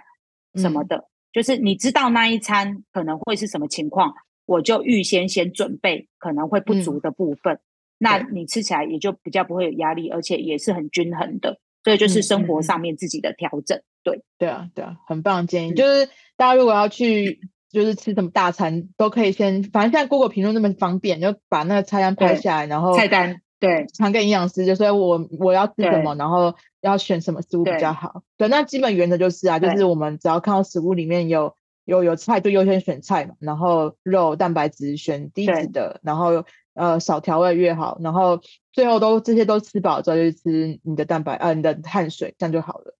什麼的，嗯、就是你知道那一餐可能會是什麼情況，我就預先先準備可能會不足的部分，嗯、那你吃起來也就比較不會有壓力，而且也是很均衡的。所以就是生活上面自己的調整。嗯嗯嗯對，對啊，對啊，很棒，建議。嗯、就是大家如果要去，就是吃什麼大餐，都可以先，反正現在 Google 評論那麼方便，就把那個菜單拍下來，對然後菜單對，傳給營養師，就說我我要吃什麼，對然後要選什麼食物比較好。對，對，那基本原則就是啊，就是我們只要看到食物裡面有對有有菜，就優先選菜嘛。然後肉蛋白質選低脂的，對然後呃少調味越好。然後最後都這些都吃飽之後，就吃你的蛋白啊、呃，你的碳水這樣就好了。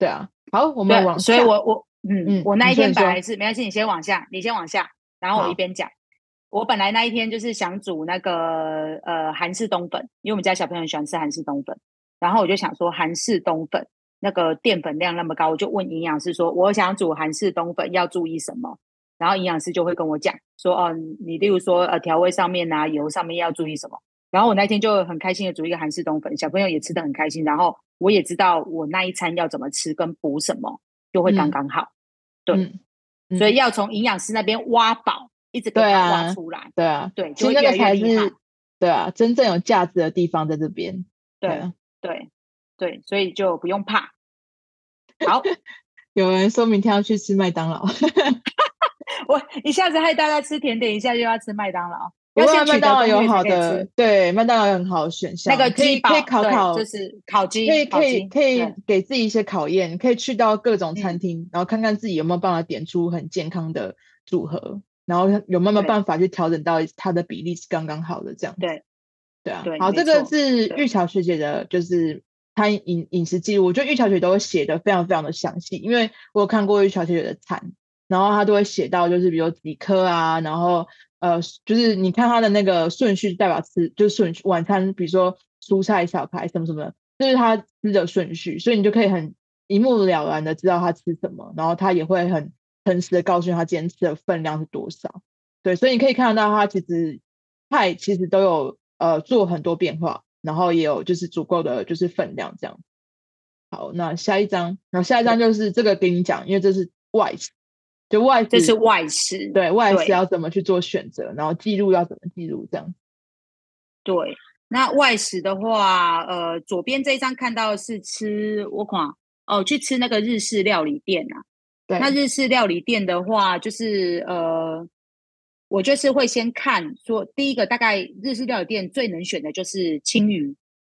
對啊，好，我們往下，所以我我嗯嗯，嗯我那一天本來是，說說沒關係，你先往下，你先往下，然後我一邊講。好我本來那一天就是想煮那個呃韓式冬粉，因為我們家小朋友喜歡吃韓式冬粉，然後我就想說，韓式冬粉那個澱粉量那麼高，我就問營養師說，我想煮韓式冬粉要注意什麼，然後營養師就會跟我講說哦，你例如說呃調味上面吶、啊、油上面要注意什麼。然後我那天就很開心的煮一個韓式冬粉，小朋友也吃得很開心。然後我也知道我那一餐要怎麼吃跟補什麼，就會剛剛好。嗯、對，嗯、所以要從營養師那邊挖寶，一直對啊挖出來，對啊，對啊，所以那個才是對啊真正有價值的地方在這邊。對，對，對，對，所以就不用怕。好， 有人說明天要去吃麥當勞， 我一下子害大家吃甜點，一下又要吃麥當勞。外麥當勞有好的，對，麥當勞有很好的選項。那個雞以可以烤烤，就是烤雞，可以可以可以給自己一些考驗，可以去到各種餐廳，然後看看自己有沒有辦法點出很健康的組合，然後有沒有辦法去調整到它的比例是剛剛好的這樣。對，對啊，好，這個是毓喬學姐的，就是餐飲飲食記錄，我覺得毓喬學姐都寫的非常非常的詳細，因為我有看過毓喬學姐的餐。然後他都會寫到，就是比如說幾顆啊，然後呃，就是你看他的那個順序代表吃，就順晚餐，比如說蔬菜、小排什麼什麼的，這、就是他吃的順序，所以你就可以很一目了然的知道他吃什麼。然後他也會很誠實的告訴他，今天吃的分量是多少。對，所以你可以看得到他其實菜其實都有呃做很多變化，然後也有就是足夠的就是分量這樣。好，那下一張，然後下一張就是這個給你講，對因為這是外食。就外，這是外食，對，外食要怎麼去做選擇，對然後記錄要怎麼記錄，這樣。對，那外食的話，呃，左邊這一張看到的是吃我看哦，去吃那個日式料理店啊。對，那日式料理店的話，就是呃，我就是會先看說，說第一個大概日式料理店最能選的就是青魚，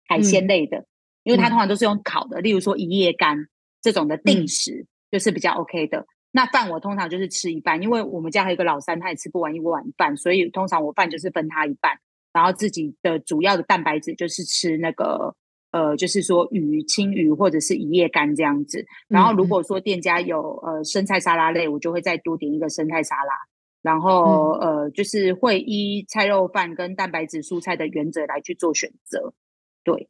海鮮類的，嗯、因為它通常都是用烤的，嗯、例如說一夜干這種的定食、嗯、就是比較 OK 的。那飯我通常就是吃一半，因為我們家還有一個老三，他也吃不完一碗飯，所以通常我飯就是分他一半，然後自己的主要的蛋白質就是吃那個呃，就是說魚、鯖魚，或者是一夜干這樣子。然後如果說店家有呃生菜沙拉類，我就會再多點一個生菜沙拉。然後呃，就是會依菜肉飯跟蛋白質蔬菜的原則來去做選擇。對，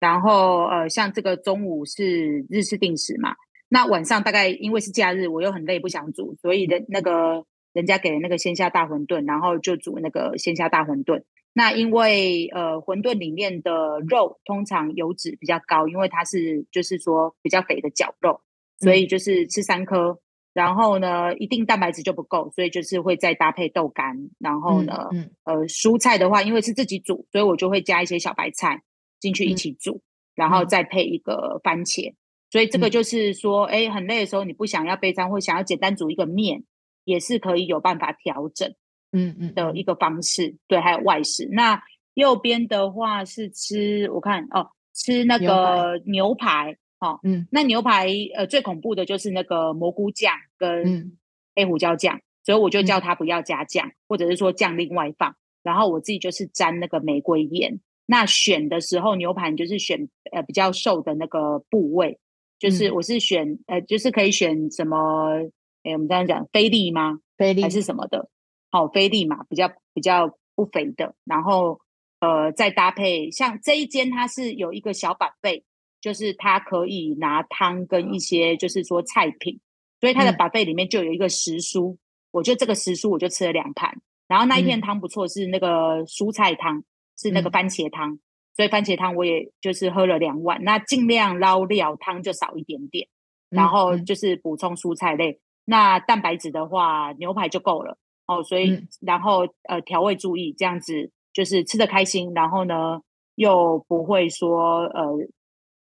然後呃，像這個中午是日式定食嘛。那晚上大概因為是假日，我又很累，不想煮，所以的那個人家給了那個鮮蝦大餛飩，然後就煮那個鮮蝦大餛飩。那因為呃餛飩裡面的肉通常油脂比較高，因為它是就是說比較肥的絞肉，所以就是吃三顆，嗯、然後呢一定蛋白質就不夠，所以就是會再搭配豆乾，然後呢、嗯嗯、呃蔬菜的話，因為是自己煮，所以我就會加一些小白菜進去一起煮，嗯、然後再配一個番茄。所以這個就是說，嗯、誒很累的時候，你不想要備餐，或想要簡單煮一個麵，也是可以有辦法調整，嗯嗯的一個方式。嗯嗯、對，還有外食。那右邊的話是吃，我看哦，吃那個牛排，好排，哦、嗯，那牛排呃最恐怖的就是那個蘑菇醬跟黑胡椒醬，嗯、所以我就叫他不要加醬，嗯、或者是說醬另外放。然後我自己就是沾那個玫瑰鹽。那選的時候，牛排就是選呃比較瘦的那個部位。就是我是選，嗯、呃，就是可以選什麼？誒、欸、我們剛剛講菲力嗎？菲力還是什麼的？好、哦，菲力嘛，比較比較不肥的。然後呃，再搭配像這一間，它是有一個小 buffet，就是它可以拿湯跟一些就是說菜品，所以它的 buffet 裡面就有一個時蔬。嗯、我覺得這個時蔬我就吃了兩盤，然後那一片湯不錯，嗯、是那個蔬菜湯，是那個番茄湯。嗯所以番茄湯我也就是喝了兩碗，那盡量撈料湯就少一點點，然後就是補充蔬菜類。那蛋白質的話，牛排就夠了哦。所以、嗯、然後呃，調味注意這樣子，就是吃得開心，然後呢又不會說呃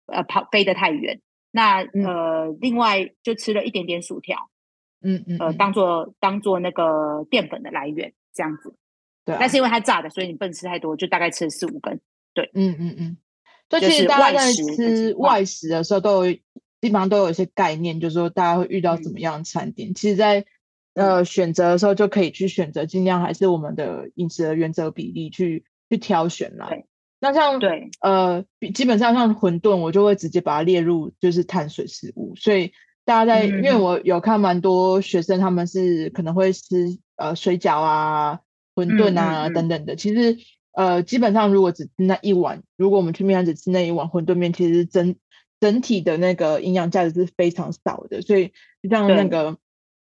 呃跑飛得太遠。那呃，嗯、另外就吃了一點點薯條，嗯嗯，嗯呃，當做當做那個澱粉的來源這樣子。對、啊，那是因為它炸的，所以你不能吃太多，就大概吃了四五根。對，嗯嗯嗯，所以其實大家在吃外食的時候都，都基本上都有一些概念，就是說大家會遇到怎麼樣的餐點。嗯、其實在，在呃選擇的時候，就可以去選擇盡量還是我們的飲食的原則比例去去挑選啦。對，那像對呃，基本上像餛飩，我就會直接把它列入就是碳水食物。所以大家在，嗯嗯因為我有看蠻多學生，他們是可能會吃呃水餃啊、餛飩啊等等的，嗯嗯嗯其實。呃，基本上如果只吃那一碗，如果我們去麵館只吃那一碗餛飩麵，其實整整體的那個營養價值是非常少的。所以就像那個，對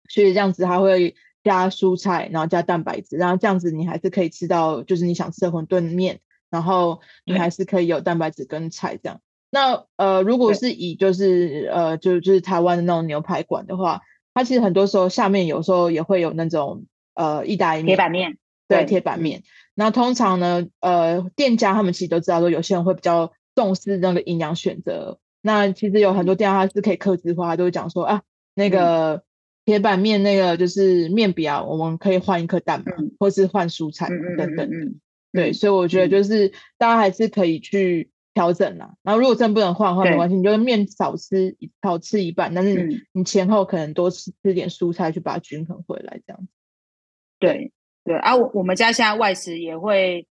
所以這樣子它會加蔬菜，然後加蛋白質，然後這樣子你還是可以吃到就是你想吃的餛飩麵，然後你還是可以有蛋白質跟菜這樣。對那呃，如果是以就是對呃，就就是台灣的那種牛排館的話，它其實很多時候下面有時候也會有那種呃意大利麵，鐵板麵，對，鐵板麵。對嗯那通常呢，呃，店家他們其實都知道，說有些人會比較重視那個營養選擇。那其實有很多店家他是可以客製化，他都會講說啊，那個鐵板麵那個就是麵餅、啊，我們可以換一顆蛋，嗯、或是換蔬菜、嗯、等等。嗯、對，所以我覺得就是大家還是可以去調整啦。嗯、然後如果真不能換的話，沒關係，對你就是麵少吃少吃一半，但是你、嗯、你前後可能多吃吃點蔬菜去把它均衡回來這樣子。對。對對啊，我我們家現在外食也會，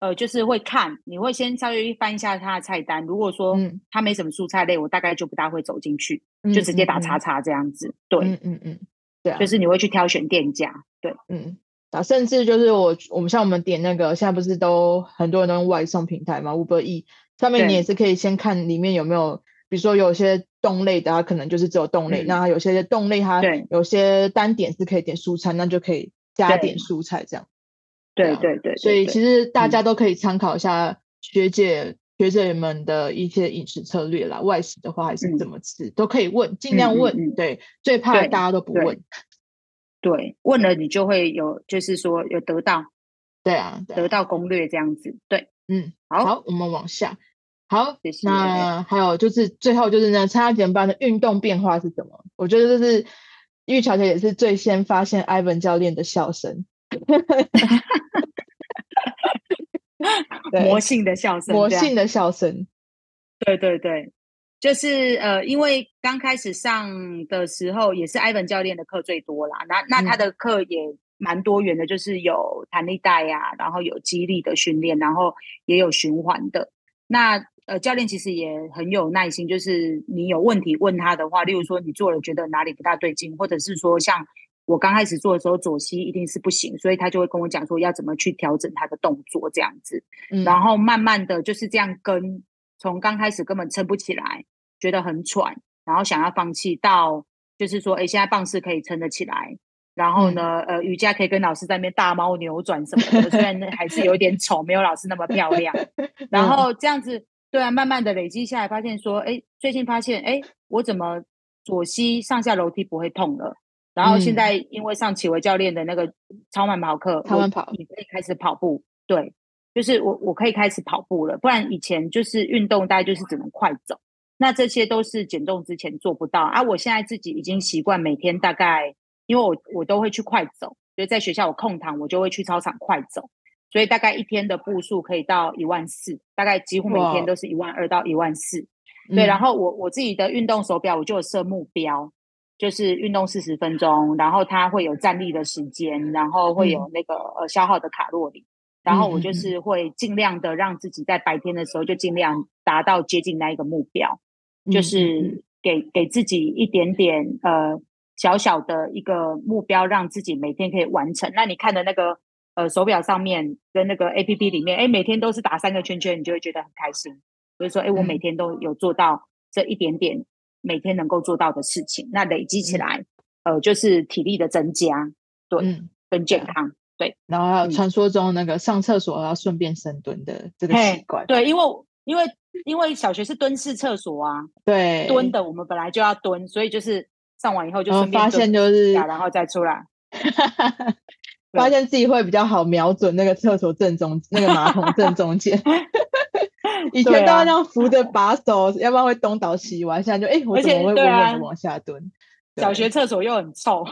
呃，就是會看，你會先稍微翻一下它的菜單。如果說它沒什麼蔬菜類，我大概就不大會走進去，嗯、就直接打叉叉這樣子。嗯、對，嗯嗯,嗯，對、啊，就是你會去挑選店家。對，嗯，那、啊、甚至就是我我們像我們點那個，現在不是都很多人都用外送平台嘛？Uber E 上面你也是可以先看裡面有沒有，對比如說有些丼類的，它可能就是只有丼類。嗯、那它有些丼類它對有些單點是可以點蔬菜，那就可以。加點蔬菜，這樣。對對對，對,對，所以其實大家都可以參考一下學姐、嗯、學姐們的一些飲食策略啦。外食的話還是怎麼吃，嗯、都可以問，盡量問。嗯嗯嗯對，最怕大家都不問對對。對，問了你就會有，就是說有得到。對啊，對啊，得到攻略這樣子。對，嗯，好，好，我們往下。好，謝謝那、欸、還有就是最後就是那減重班的運動變化是什麼？我覺得就是。因為毓喬，也是最先發現艾文教練的笑聲， 魔性的笑聲，魔性的笑聲，對對對，就是呃，因為剛開始上的時候也是艾文教練的課最多啦，那那他的課也蠻多元的，就是有彈力帶呀、啊，然後有肌力的訓練，然後也有循環的，那。呃，教練其實也很有耐心，就是你有問題問他的話，例如說你做了覺得哪裡不大對勁，或者是說像我剛開始做的時候，左膝一定是不行，所以他就會跟我講說要怎麼去調整他的動作這樣子，嗯、然後慢慢的就是這樣跟從剛開始根本撐不起來，覺得很喘，然後想要放棄，到就是說哎，現在棒式可以撐得起來，然後呢，嗯、呃，瑜伽可以跟老師在那邊大貓扭轉什麼的， 雖然還是有點醜，沒有老師那麼漂亮，然後這樣子。嗯對啊，慢慢的累積下來，發現說，哎，最近發現，哎，我怎麼左膝上下樓梯不會痛了？嗯、然後現在因為上齊威教練的那個超慢跑課，超慢跑，你可以開始跑步，對，就是我我可以開始跑步了。不然以前就是運動大概就是只能快走，那這些都是減重之前做不到啊。我現在自己已經習慣每天大概，因為我我都會去快走，所、就、以、是、在學校我空堂，我就會去操場快走。所以大概一天的步數可以到一萬四，大概幾乎每天都是一萬二到一萬四。Oh. 對，然後我我自己的運動手表我就有設目標，嗯、就是運動四十分鐘，然後它會有站立的時間，然後會有那個、嗯、呃消耗的卡路里，然後我就是會盡量的讓自己在白天的時候就盡量達到接近那一個目標，嗯、就是給給自己一點點呃小小的一個目標，讓自己每天可以完成。那你看的那個。呃，手錶上面跟那個 APP 裡面，哎，每天都是打三個圈圈，你就會覺得很開心。所以說，哎，我每天都有做到這一點點，每天能夠做到的事情，那累積起來，嗯、呃，就是體力的增加，對，嗯、跟健康，嗯、對。然後還有傳說中那個上廁所要順便深蹲的這個習慣，對，因為因為因為小學是蹲式廁所啊，對，蹲的，我們本來就要蹲，所以就是上完以後就順便蹲、哦、發現就是，然後再出來。 發現自己會比較好瞄準那個廁所正中，那個馬桶正中間。 以前都要那樣扶着把手， 要不然會東倒西歪。現在就哎、欸，我怎麼會穩穩的往下蹲？啊、對小學廁所又很臭。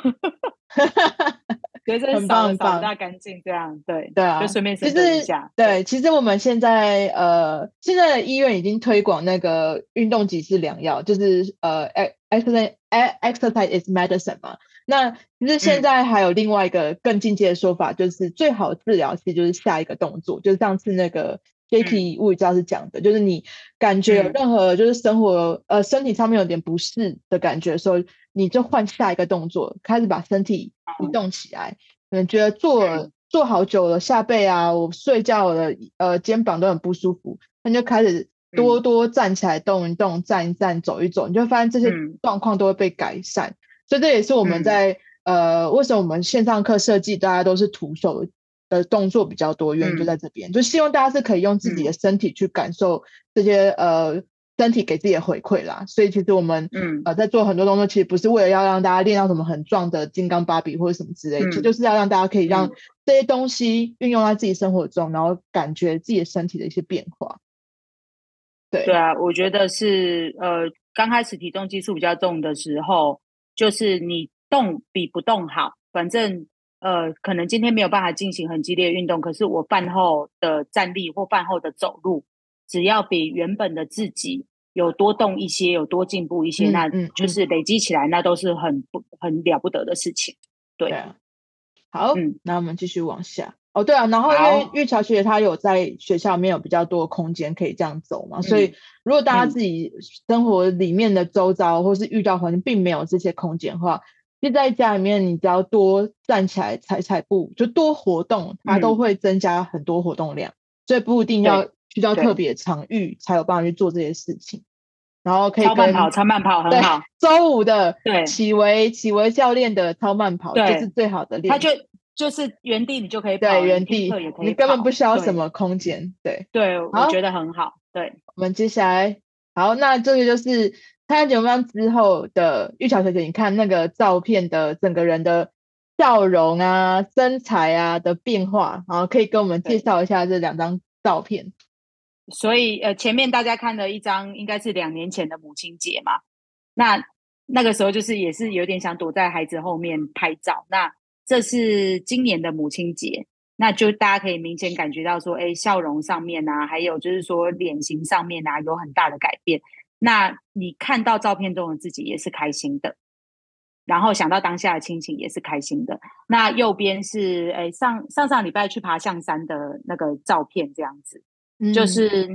覺得這很棒，很大乾淨這樣，很棒。對對啊，就順便寫一下。其實對，其實我們現在呃，現在的醫院已經推廣那個運動即是良藥，就是呃，exercise，exercise is medicine 嘛。那其實現在還有另外一個更進階的說法，嗯、就是最好治療其實就是下一個動作，就是上次那個。J.K. 嗯、物理教室講的，就是你感覺有任何就是生活、嗯、呃身體上面有點不適的感覺的時候，你就換下一個動作，開始把身體移動起來。好你覺得坐了、嗯、坐好久了，下背啊，我睡覺了，呃肩膀都很不舒服，那就開始多多站起來動一動，嗯、站一站，走一走，你就發現這些狀況都會被改善。嗯、所以這也是我們在、嗯、呃為什麼我們線上課設計大家都是徒手。的動作比較多，原因就在這邊，嗯、就希望大家是可以用自己的身體去感受這些、嗯、呃身體給自己的回饋啦。所以其實我們、嗯、呃在做很多動作，其實不是為了要讓大家練到什麼很壯的金剛芭比或者什麼之類的，嗯、其實就是要讓大家可以讓這些東西運用在自己生活中，嗯、然後感覺自己的身體的一些變化。對對啊，我覺得是呃剛開始體重基數比較重的時候，就是你動比不動好，反正。呃，可能今天沒有辦法進行很激烈的運動，可是我飯後的站立或飯後的走路，只要比原本的自己有多動一些，有多進步一些，嗯嗯、那就是累積起來，嗯、那都是很不很了不得的事情。對，對啊、好，嗯，那我們繼續往下。哦，對啊，然後因為毓喬學姐她有在學校裡面有比較多的空間可以這樣走嘛，嗯、所以如果大家自己生活裡面的周遭或是遇到環境並沒有這些空間的話。就在家裡面，你只要多站起來踩踩步，就多活動，它都會增加很多活動量。所以不一定要去到特別的場域才有辦法去做這些事情。然後可以超慢跑，超慢跑很好。周五的對啟維啟維教練的超慢跑就是最好的。他就就是原地你就可以跑對，原地你根本不需要什麼空間。對對，我覺得很好。對，我們接下來好，那這個就是。參加節目之後的毓喬小姐，你看那個照片的整個人的笑容啊、身材啊的變化，然後可以跟我們介紹一下這兩張照片。所以，呃，前面大家看的一張應該是兩年前的母親節嘛，那那個時候就是也是有點想躲在孩子後面拍照。那這是今年的母親節，那就大家可以明顯感覺到說，哎、欸，笑容上面啊，還有就是說臉型上面啊，有很大的改變。那你看到照片中的自己也是開心的，然後想到當下的親情也是開心的。那右邊是誒，上，上上禮拜去爬象山的那個照片，這樣子，嗯，就是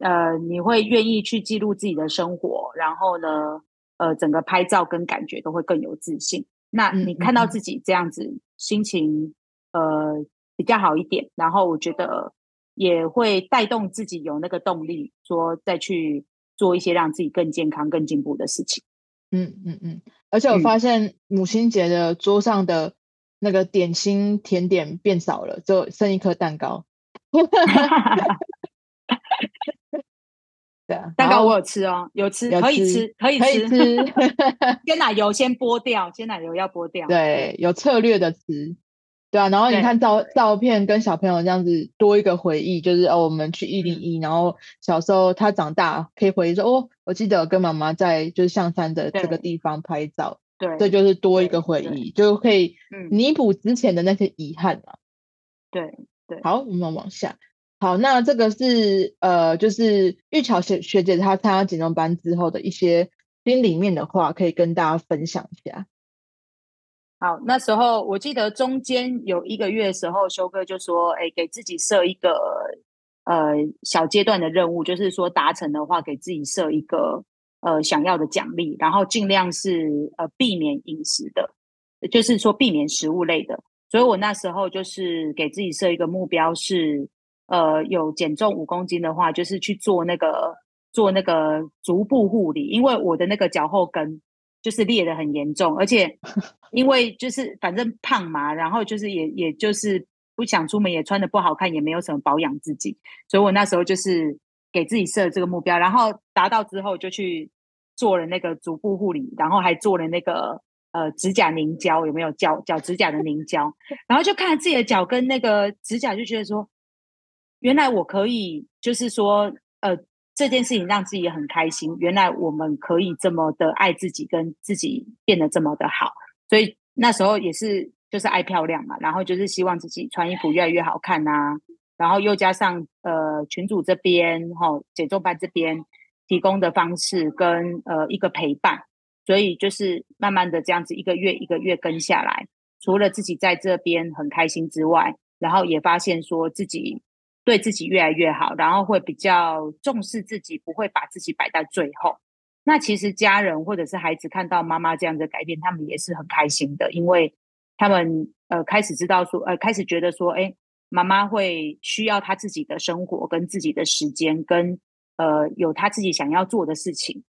呃你會願意去記錄自己的生活，然後呢，呃整個拍照跟感覺都會更有自信。那你看到自己這樣子心情呃比較好一點，然後我覺得也會帶動自己有那個動力說再去。做一些讓自己更健康、更進步的事情。嗯嗯嗯，而且我發現母親節的桌上的那個點心甜點變少了，就剩一顆蛋糕。 蛋糕我有吃哦，有吃，有吃可以吃，可以吃，先奶油先剝掉，先奶油要剝掉。對，有策略的吃。對啊，然後你看照照片，跟小朋友這樣子多一個回憶，對就是哦，我們去一零一，然後小時候他長大可以回憶說、嗯、哦，我記得我跟媽媽在就是象山的這個地方拍照，對，這就是多一個回憶，就可以彌補之前的那些遺憾了。對對、嗯，好，我們往下。好，那這個是呃，就是毓喬學學姐她參加減重班之後的一些心裡面的話，可以跟大家分享一下。好，那時候我記得中間有一個月的時候，修哥就說：“哎，給自己設一個呃小階段的任務，就是說達成的話，給自己設一個呃想要的獎勵，然後盡量是呃避免飲食的，就是說避免食物類的。所以我那時候就是給自己設一個目標是，是呃有減重五公斤的話，就是去做那個做那個足部護理，因為我的那個腳後跟就是裂得很嚴重，而且。” 因為就是反正胖嘛，然後就是也也就是不想出門，也穿得不好看，也沒有什麼保養自己，所以我那時候就是給自己設了這個目標，然後達到之後就去做了那個足部護理，然後還做了那個呃指甲凝膠，有沒有腳腳指甲的凝膠？ 然後就看了自己的腳跟那個指甲，就覺得說，原來我可以就是說呃這件事情讓自己很開心，原來我們可以這麼的愛自己，跟自己變得這麼的好。所以那時候也是就是愛漂亮嘛，然後就是希望自己穿衣服越來越好看啊，然後又加上呃群主這邊哈減重班這邊提供的方式跟呃一個陪伴，所以就是慢慢的這樣子一個月一個月跟下來，除了自己在這邊很開心之外，然後也發現說自己對自己越來越好，然後會比較重視自己，不會把自己擺在最後。那其實家人或者是孩子看到媽媽這樣的改變，他們也是很開心的，因為他們呃開始知道說，呃開始覺得說，欸，媽媽會需要她自己的生活跟自己的時間，跟呃有她自己想要做的事情。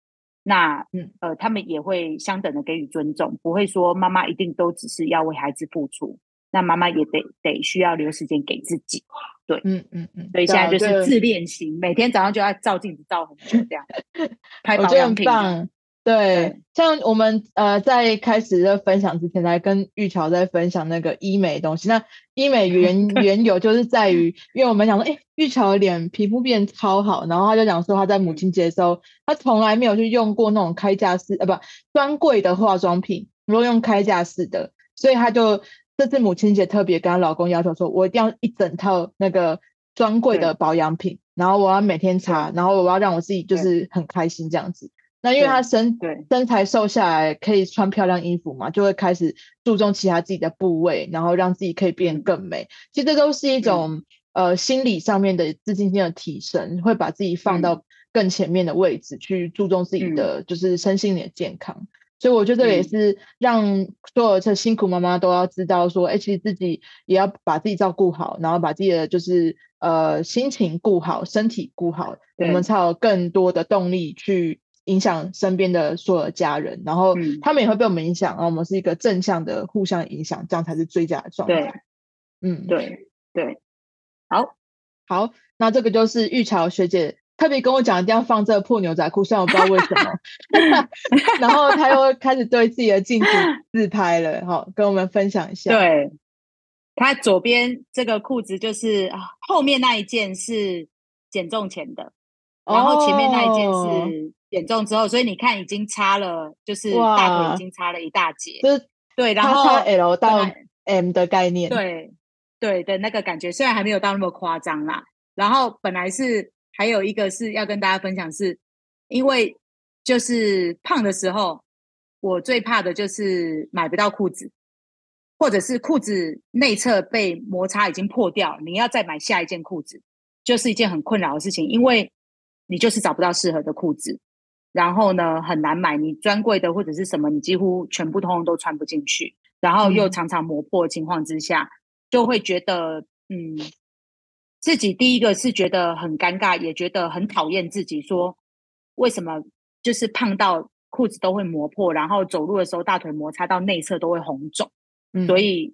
那嗯呃，他們也會相等的給予尊重，不會說媽媽一定都只是要為孩子付出，那媽媽也得得需要留時間給自己。對，嗯嗯嗯，嗯所以現在就是自戀型，對每天早上就要照鏡子照很久，這樣拍保 很棒。對，對對像我們呃在開始的分享之前，來跟毓喬在分享那個醫美東西。那醫美原原有就是在於， 因為我們講說，哎、欸，毓喬的臉皮膚變超好，然後他就講說，他在母親節的時候，嗯、他從來沒有去用過那種開架式呃、啊，不專櫃的化妝品，如果用開架式的，所以他就。這次母親節特別跟她老公要求說，我一定要一整套那個專櫃的保養品，對然後我要每天擦，對然後我要讓我自己就是很開心這樣子。對那因為她身對身材瘦下來，可以穿漂亮衣服嘛，就會開始注重其他自己的部位，然後讓自己可以變得更美。嗯、其實這都是一種、嗯、呃心理上面的自信心的提升，會把自己放到更前面的位置、嗯、去注重自己的、嗯、就是身心的健康。所以我覺得這也是讓所有的辛苦媽媽都要知道說，說、欸、哎，其實自己也要把自己照顧好，然後把自己的就是呃心情顧好，身體顧好，對我們才有更多的動力去影響身邊的所有家人，然後他們也會被我們影響，然後、嗯啊、我們是一個正向的互相影響，這樣才是最佳的狀態。對，嗯，對，對，好，好，那這個就是毓喬學姐。特別跟我講一定要放這個破牛仔褲，雖然我不知道為什麼。 然後他又開始對自己的鏡子自拍了，好，跟我們分享一下。對，他左邊這個褲子就是後面那一件是減重前的，哦、然後前面那一件是減重之後，哦、所以你看已經差了，就是大腿已經差了一大截。就是哇對，然後穿 L 到 M 的概念，對對的那個感覺，雖然還沒有到那麼誇張啦。然後本來是。還有一個是要跟大家分享，是因為就是胖的時候，我最怕的就是買不到褲子，或者是褲子內側被摩擦已經破掉，你要再買下一件褲子，就是一件很困擾的事情，因為你就是找不到適合的褲子，然後呢，很難買，你專櫃的或者是什麼，你幾乎全部通通都穿不進去，然後又常常磨破的情況之下，就會覺得嗯。自己第一個是覺得很尷尬，也覺得很討厭自己，說為什麼就是胖到褲子都會磨破，然後走路的時候大腿摩擦到內側都會紅腫。嗯，所以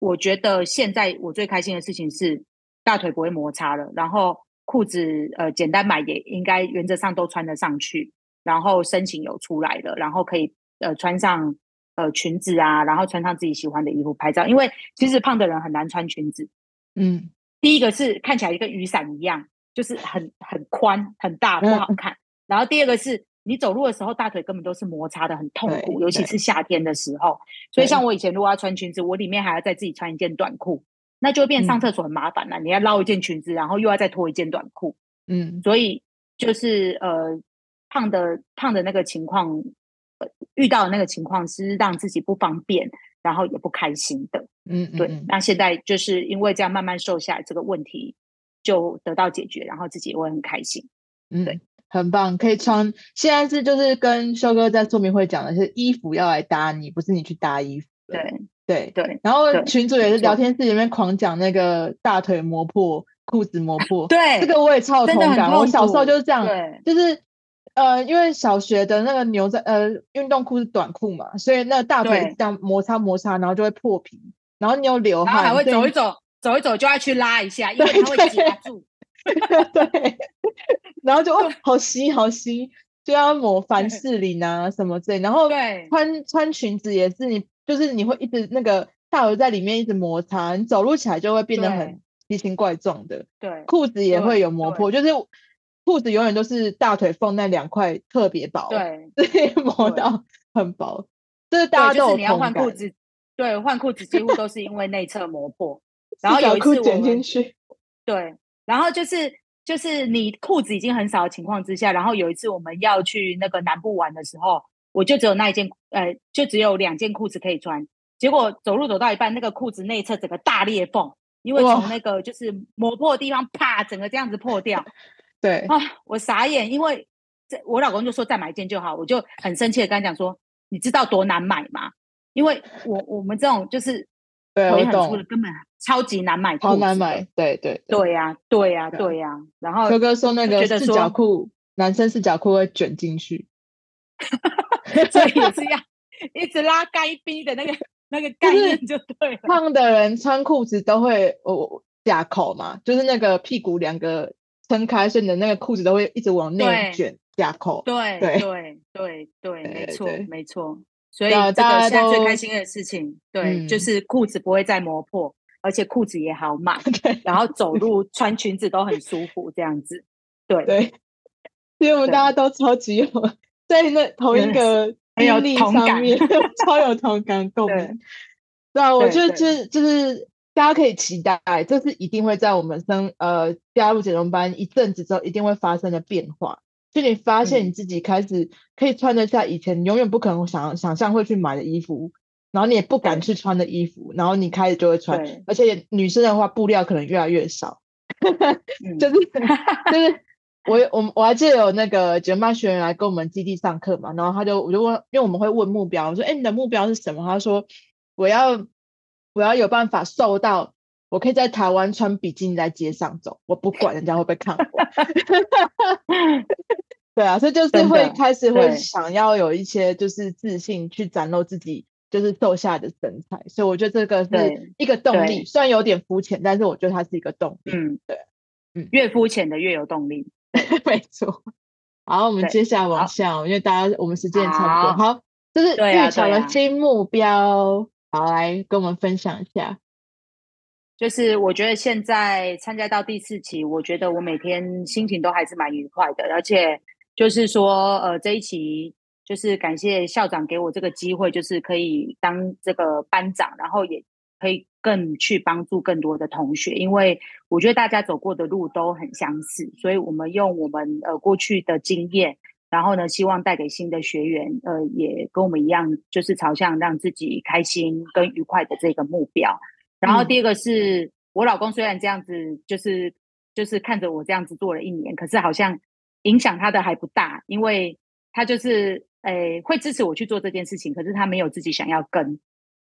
我覺得現在我最開心的事情是大腿不會摩擦了，然後褲子呃簡單買也應該原則上都穿得上去，然後身形有出來了，然後可以呃穿上呃裙子啊，然後穿上自己喜歡的衣服拍照。因為其實胖的人很難穿裙子，嗯。第一個是看起來跟雨傘一樣，就是很很寬很大，嗯、不好看。然後第二個是你走路的時候大腿根本都是摩擦得很痛苦，對尤其是夏天的時候。對所以像我以前如果要穿裙子，我裡面還要再自己穿一件短褲，那就會變上廁所很麻煩了。嗯，你要撈一件裙子，然後又要再脫一件短褲。嗯，所以就是呃胖的胖的那個情況，呃，遇到的那個情況是讓自己不方便。然後也不開心的，嗯，對。嗯、那現在就是因為這樣慢慢瘦下來，這個問題就得到解決，然後自己也會很開心。嗯，對，很棒，可以穿。現在是就是跟修哥在說明會講的是衣服要來搭你，不是你去搭衣服。對，對，對。然後群主也是聊天室裡面狂講那個大腿磨破、褲子磨破。對，這個我也超有同感。我小時候就是這樣，對就是。呃，因為小學的那個牛仔呃運動褲是短褲嘛，所以那個大腿這樣摩擦摩擦，然後就會破皮，然後你又流汗，然後還會走一走你走一走就要去拉一下，因為它會夾住。對， 對，然後就會好濕好濕，就要抹凡士林啊什麼之類，然後穿對穿裙子也是你，你就是你會一直那個大腿在裡面一直摩擦，你走路起來就會變得很奇形怪狀的對。對，褲子也會有磨破，就是。褲子永遠都是大腿縫那兩塊特別薄，對，磨到很薄。這對是大家、就是、你要換褲子，對，換褲子幾乎都是因為內側磨破。 然後有一次我們，對，然後就是就是你褲子已經很少的情況之下，然後有一次我們要去那個南部玩的時候，我就只有那一件，呃，就只有兩件褲子可以穿。結果走路走到一半，那個褲子內側整個大裂縫，因為從那個就是磨破的地方啪，整個這樣子破掉。我 對啊、哦，我傻眼，因為這，我老公就說再買一件就好，我就很生氣的跟他講說，你知道多難買嗎？因為我我們這種就是腿很粗的，對，我懂，根本超級難買，超好難買，對對對呀、啊，對呀，對呀。然後哥哥說那個四角褲，男生四角褲會卷進去，所以也是要一直拉該邊的那個 那個概念就對了。胖的人穿褲子都會哦夾口嘛，就是那個屁股兩個。撐開，所以你的那個褲子都會一直往內捲夾口。對對對對對，沒錯沒錯。所以大家現在最開心的事情，對，就是褲子不會再磨破，而且褲子也好買，然後走路穿裙子都很舒服，這樣子。對對，所以我們大家都超級有，在那同一個經歷上面，超有同感共鳴。對啊，我就就是就是。大家可以期待，這是一定會在我們升、呃、加入減重班一陣子之後一定會發生的變化。就你發現你自己開始可以穿得下以前你永遠不可能想、嗯、想象會去買的衣服，然後你也不敢去穿的衣服，對然後你開始就會穿。對而且女生的話，布料可能越來越少。就 是就是，嗯、就是我我我還記得有那個減重班學員來跟我們基地上課嘛，然後他就我就問，因為我們會問目標，我說：“哎、欸，你的目標是什麼？”他說：“我要。”我要有辦法瘦到，我可以在台灣穿比基尼在街上走，我不管人家會不會看我。 對啊，所以就是會開始會想要有一些就是自信去展露自己就是瘦下來的身材，對所以我覺得這個是一個動力，雖然有點膚淺，但是我覺得它是一個動力。嗯，對，嗯，越膚淺的越有動力， 沒錯。好，我們接下來往下，因為大家我們時間也差不多，好，就是預想的新目標。對啊對啊。好，來跟我們分享一下。就是我覺得現在參加到第四期，我覺得我每天心情都還是蠻愉快的。而且就是說，呃，這一期就是感謝校長給我這個機會，就是可以當這個班長，然後也可以更去幫助更多的同學。因為我覺得大家走過的路都很相似，所以我們用我們，呃，過去的經驗。然後呢，希望帶給新的學員，呃，也跟我們一樣，就是朝向讓自己開心跟愉快的這個目標。然後第二個是，我老公雖然這樣子，就是就是看着我這樣子做了一年，可是好像影響他的還不大，因為他就是誒、呃、會支持我去做這件事情，可是他沒有自己想要跟，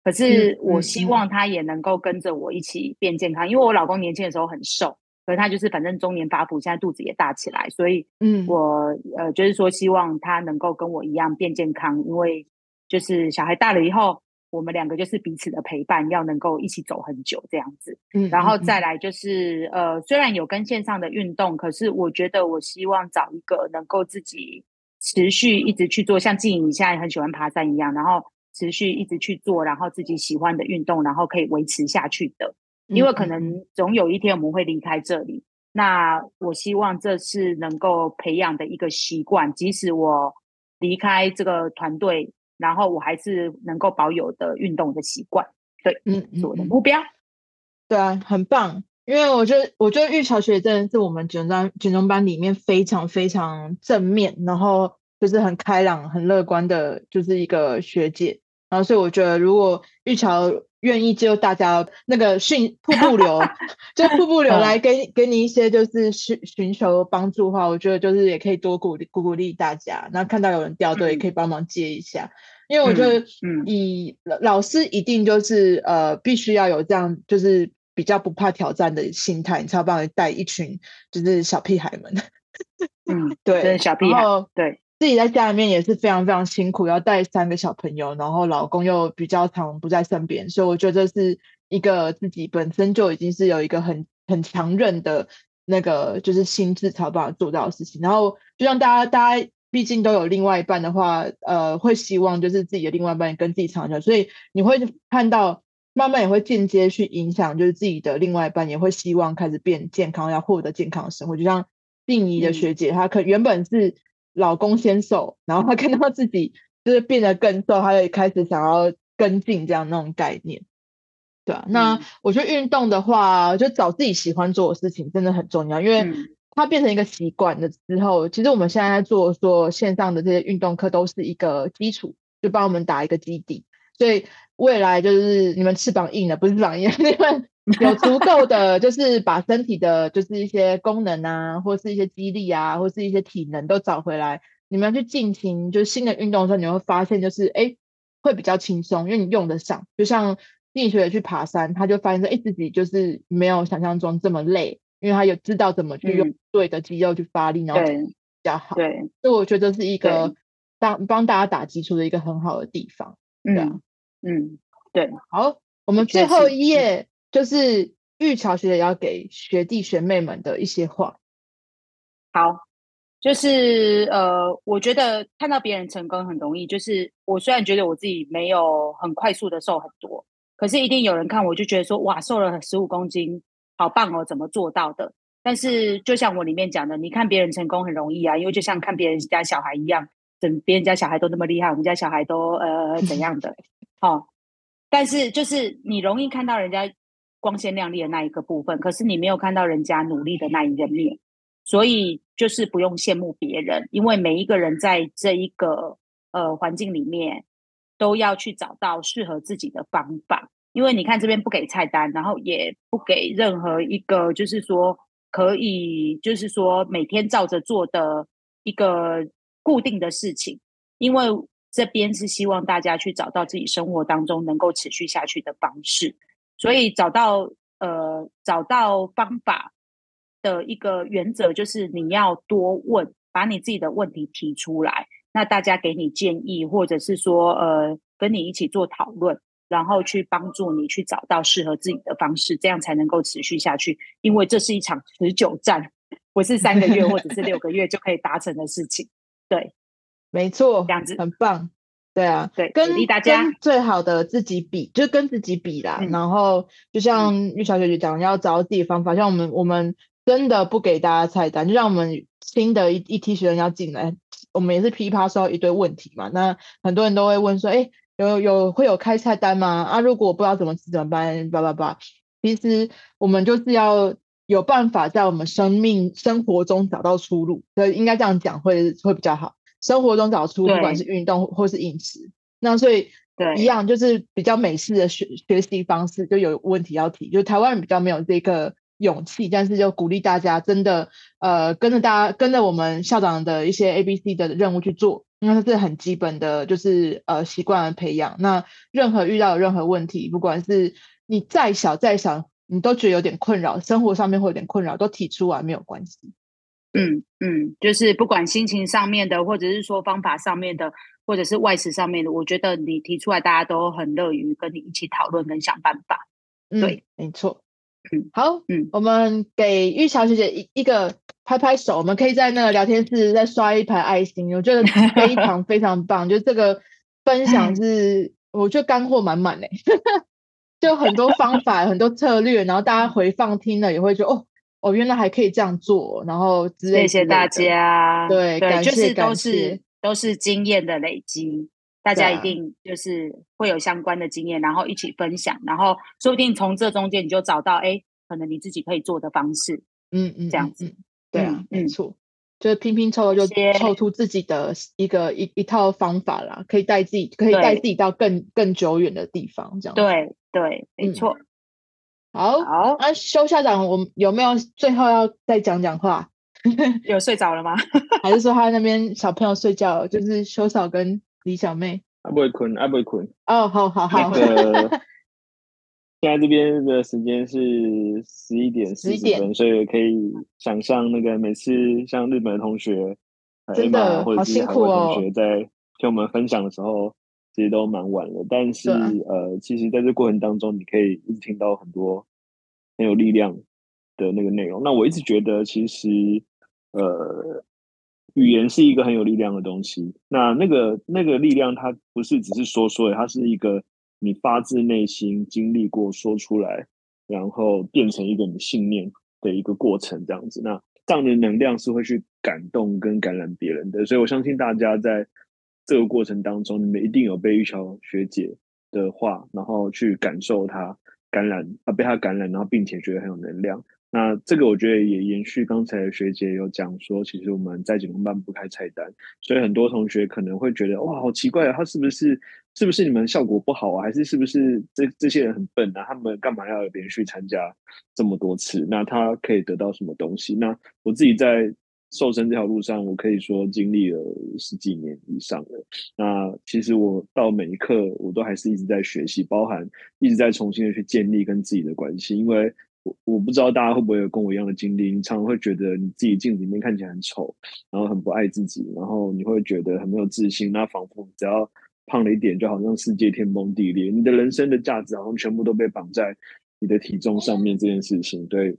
可是我希望他也能夠跟着我一起變健康，因為我老公年輕的時候很瘦。而他就是反正中年發福，現在肚子也大起來，所以嗯，我呃就是說，希望他能夠跟我一樣變健康，因為就是小孩大了以後，我們兩個就是彼此的陪伴，要能夠一起走很久這樣子。嗯，嗯，嗯，然後再來就是呃，雖然有跟線上的運動，可是我覺得我希望找一個能夠自己持續一直去做，嗯、像靜怡現在很喜歡爬山一樣，然後持續一直去做，然後自己喜歡的運動，然後可以維持下去的。因為可能總有一天我們會離開這裡，那我希望這是能夠培養的一個習慣，即使我離開這個團隊，然後我還是能夠保有的運動的習慣。對，嗯，是我的目標，嗯嗯。對啊，很棒，因為我覺得我覺得毓喬學姐真的是我們減重減重班裡面非常非常正面，然後就是很開朗、很樂觀的，就是一個學姐。然後，所以我覺得，如果毓喬願意就大家那個迅瀑布流， 就瀑布流來給給你一些就是尋尋求幫助的話，我覺得就是也可以多鼓勵鼓鼓勵大家。然後看到有人掉隊，也可以幫忙接一下。嗯、因為我覺得，嗯，以老師一定就是呃，必須要有這樣就是比較不怕挑戰的心態，你才會幫你帶一群就是小屁孩們。 嗯，對，小屁孩，後對。自己在家裡面也是非常非常辛苦，要帶三個小朋友，然後老公又比較常不在身邊，所以我覺得這是一個自己本身就已經是有一個很很強韌的那個就是心智才把它做到的事情。然後就像大家大家畢竟都有另外一半的話，呃，會希望就是自己的另外一半也跟自己長久。所以你會看到慢慢也會間接去影響，就是自己的另外一半也會希望開始變健康，要獲得健康的生活。就像定義的學姐，嗯、她可原本是。老公先瘦，然後他看到自己就是變得更瘦，他也開始想要跟進這樣的那種概念，對啊。那我覺得運動的話，嗯、就找自己喜歡做的事情真的很重要，因為它變成一個習慣了之後，嗯、其實我們現在在做做線上的這些運動課，都是一個基礎，就幫我們打一個基底。所以未來就是你們翅膀硬了，不是翅膀硬了，你們。 有足夠的，就是把身體的，就是一些功能啊，或是一些肌力啊、或是一些體能都找回來。你們要去進行就是新的運動的時候，你會發現就是哎，會比較輕鬆，因為你用得上。就像學姊去爬山，他就發現說，哎，自己就是沒有想象中這麼累，因為他有知道怎麼去用對的肌肉去發力，嗯、然後比較好。對，對，所以我覺得是一個當對幫大家打基礎的一個很好的地方。嗯嗯，對，好，我們最後一頁。就是毓喬學姐要給學弟學妹們的一些話，好，就是呃，我覺得看到別人成功很容易，就是我雖然覺得我自己沒有很快速的瘦很多，可是一定有人看我就覺得說哇，瘦了十五公斤，好棒哦，怎麼做到的？但是就像我裡面講的，你看別人成功很容易啊，因為就像看別人家小孩一樣，整，別人家小孩都那麼厲害，我們家小孩都呃怎樣的？好、 哦，但是就是你容易看到人家。光鮮亮麗的那一個部分，可是你沒有看到人家努力的那一個面，所以就是不用羨慕別人，因為每一個人在這一個呃環境裡面，都要去找到適合自己的方法。因為你看這邊不給菜單，然後也不給任何一個，就是說可以，就是說每天照着做的一個固定的事情，因為這邊是希望大家去找到自己生活當中能夠持續下去的方式。所以找到呃，找到方法的一個原則就是你要多問，把你自己的問題提出來，那大家給你建議，或者是說呃跟你一起做討論，然後去幫助你去找到適合自己的方式，這樣才能夠持續下去。因為這是一場持久戰，不是三個月或者是六個月就可以達成的事情。 對，沒錯，這樣子。很棒。對啊，對，跟大家跟最好的自己比，就是跟自己比啦。嗯、然後，就像毓喬學姊講，嗯、要找自己方法。像我們，我們真的不給大家菜單，就像我們新的一一批學員要進來，我們也是噼裡啪啦收到一堆問題嘛。那很多人都會問說，哎，有有會有開菜單嗎？啊，如果我不知道怎麼吃怎麼辦？叭叭叭。其實我們就是要有辦法在我們生命生活中找到出路，所以應該這樣講會會比較好。生活中找出，不管是運動或是飲食，對那所以對一樣就是比較美式的學對學習方式，就有問題要提，就台灣人比較沒有這個勇氣，但是就鼓勵大家真的呃跟着大家跟着我們校長的一些 A B C 的任務去做，因為這是很基本的，就是呃習慣的培養。那任何遇到任何問題，不管是你再小再小，你都覺得有點困擾，生活上面會有點困擾，都提出來、啊、沒有關係。嗯嗯，就是不管心情上面的，或者是說方法上面的，或者是外食上面的，我覺得你提出來，大家都很樂於跟你一起討論跟想辦法。對，嗯、沒錯。嗯，好，嗯，我們給毓喬學姐一一個拍拍手，我們可以在那個聊天室再刷一排愛心，我覺得非常非常棒。 就這個分享是，我覺得乾貨滿滿哎， 就很多方法， 很多策略，然後大家回放聽了也會說，哦。哦，原來還可以這樣做，然後謝謝大家。對，感謝，就是都是都是經驗的累積，大家一定就是會有相關的經驗，然後一起分享，然後說不定從這中間你就找到，哎，可能你自己可以做的方式，嗯嗯，這樣子。對啊，沒錯，就是拼拼湊湊就湊出自己的一個一一套方法啦，可以帶自己，可以帶自己到更更久遠的地方，這樣，對對，沒錯。好好，那好、啊、修校長，我們有沒有最後要再講講話？ 有睡着了嗎？ 還是說他那邊小朋友睡覺？就是修嫂跟李小妹，不會困，坤，不會困。哦，好，好、那個，好。 現在這邊的時間是十一點四十分，點所以可以想象那個每次像日本的同學，真的好辛苦哦，嗯、同學在聽我們分享的時候，其實都蠻晚了，但是、啊、呃，其實在這過程當中，你可以一直聽到很多很有力量的那個內容。那我一直覺得，其實呃，語言是一個很有力量的東西。那那個那個力量，它不是只是說說的，它是一個你發自內心經歷過說出來，然後變成一個你信念的一個過程，這樣子。那這樣的能量是會去感動跟感染別人的，所以我相信大家在，這個過程當中，你們一定有被毓喬學姐的話，然後去感受她感染，啊，被她感染，然後並且覺得很有能量。那這個我覺得也延續剛才的學姐有講說，其實我們在錦龍班不開菜單，所以很多同學可能會覺得哇，好奇怪啊，她是不是，是不是你們效果不好啊，還是是不是這這些人很笨啊？他們幹嘛要連續參加這麼多次？那她可以得到什麼東西？那我自己在。瘦身這條路上，我可以說經歷了十幾年以上了。那其實我到每一刻，我都還是一直在學習，包含一直在重新的去建立跟自己的關係。因為我我不知道大家會不會有跟我一樣的經歷，你常常會覺得你自己鏡子裡面看起來很醜，然後很不愛自己，然後你會覺得很沒有自信，那仿佛只要胖了一點，就好像世界天崩地裂，你的人生的價值好像全部都被綁在你的體重上面這件事情，對。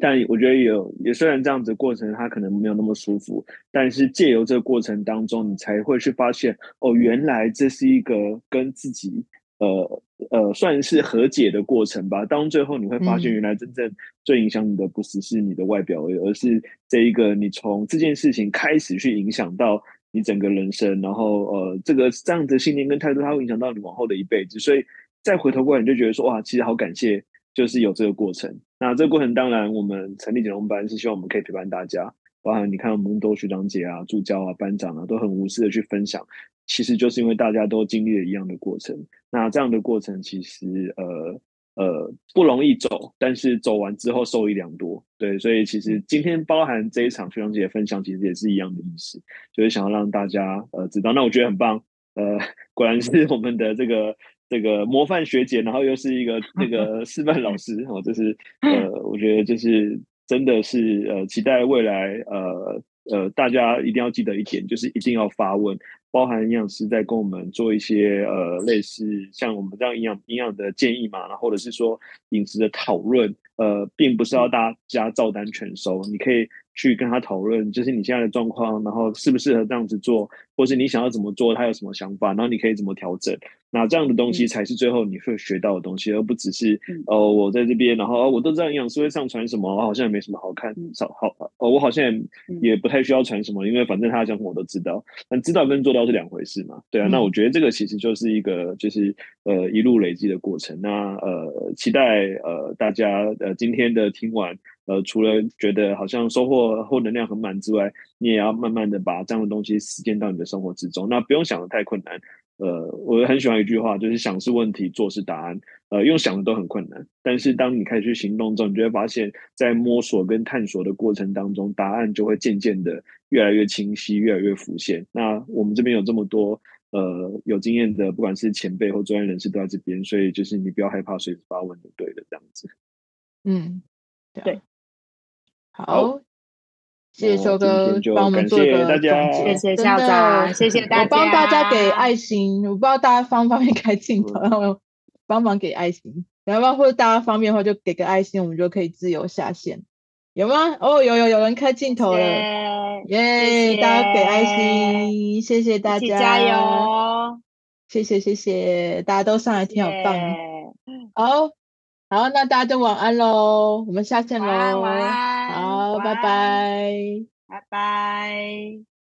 但我覺得有也，也雖然這樣子的過程，它可能沒有那麼舒服，但是借由這個過程當中，你才會去發現，哦，原來這是一個跟自己呃呃算是和解的過程吧。當最後你會發現，原來真正最影響你的不是是你的外表而已，嗯，而是這一個你從這件事情開始去影響到你整個人生，然後呃這個這樣子的信念跟態度，它會影響到你往後的一輩子。所以再回頭過來，你就覺得說，哇，其實好感謝，就是有這個過程。那這個過程，當然，我們成立減重班是希望我們可以陪伴大家，包含你看，我們都學長姐啊、助教啊、班長啊，都很無私的去分享。其實就是因為大家都經歷了一樣的過程。那這樣的過程其實，呃呃，不容易走，但是走完之後受益良多。對，所以其實今天包含這一場學長姐的分享，其實也是一樣的意思，就是想要讓大家呃知道。那我覺得很棒，呃，果然是我們的這個。這個模範學姐，然後又是一個那個示範老師，哦，就是呃，我覺得就是真的是呃，期待未來呃呃，大家一定要記得一點，就是一定要發問，包含營養師在跟我們做一些呃類似像我們這樣營養營養的建議嘛，然後或者是說飲食的討論，呃，並不是要大家照單全收，你可以。去跟他討論，就是你現在的狀況，然後適不適合這樣子做，或是你想要怎麼做，他有什麼想法，然後你可以怎麼調整，那這樣的東西才是最後你會學到的東西。嗯、而不只是呃、嗯哦、我在這邊，然後、哦、我都知道營養師會上傳什麼，我、哦、好像也沒什麼好看，嗯、好哦，我好像也不太需要傳什麼，因為反正他的想法我都知道，但知道跟做到是兩回事嘛，對啊，嗯、那我覺得這個其實就是一個就是呃一路累積的過程，那呃期待呃大家呃今天的聽完。呃，除了覺得好像收穫後能量很滿之外，你也要慢慢的把這樣的東西實踐到你的生活之中。那不用想的太困難。呃，我很喜歡一句話，就是想是問題，做是答案。呃，用想的都很困難，但是當你開始去行動之後，你就會發現，在摸索跟探索的過程當中，答案就會漸漸的越來越清晰，越來越浮現。那我們這邊有這麼多呃有經驗的，不管是前輩或專業人士都在這邊，所以就是你不要害怕隨時發問就對了這樣子。嗯，對。好，謝謝秋哥幫我們做個總結。謝謝大家，謝謝大家。我幫大家給愛心，我不知道大家方不方便開鏡頭，幫忙給愛心？要不然或者大家方便的話就給個愛心，我們就可以自由下線。有嗎？哦，有有有人開鏡頭了，耶！大家給愛心，謝謝大家，加油！謝謝謝謝，大家都上來挺好棒啊！好，好，那大家都晚安嘍，我們下線嘍。晚安。好，拜拜，拜拜。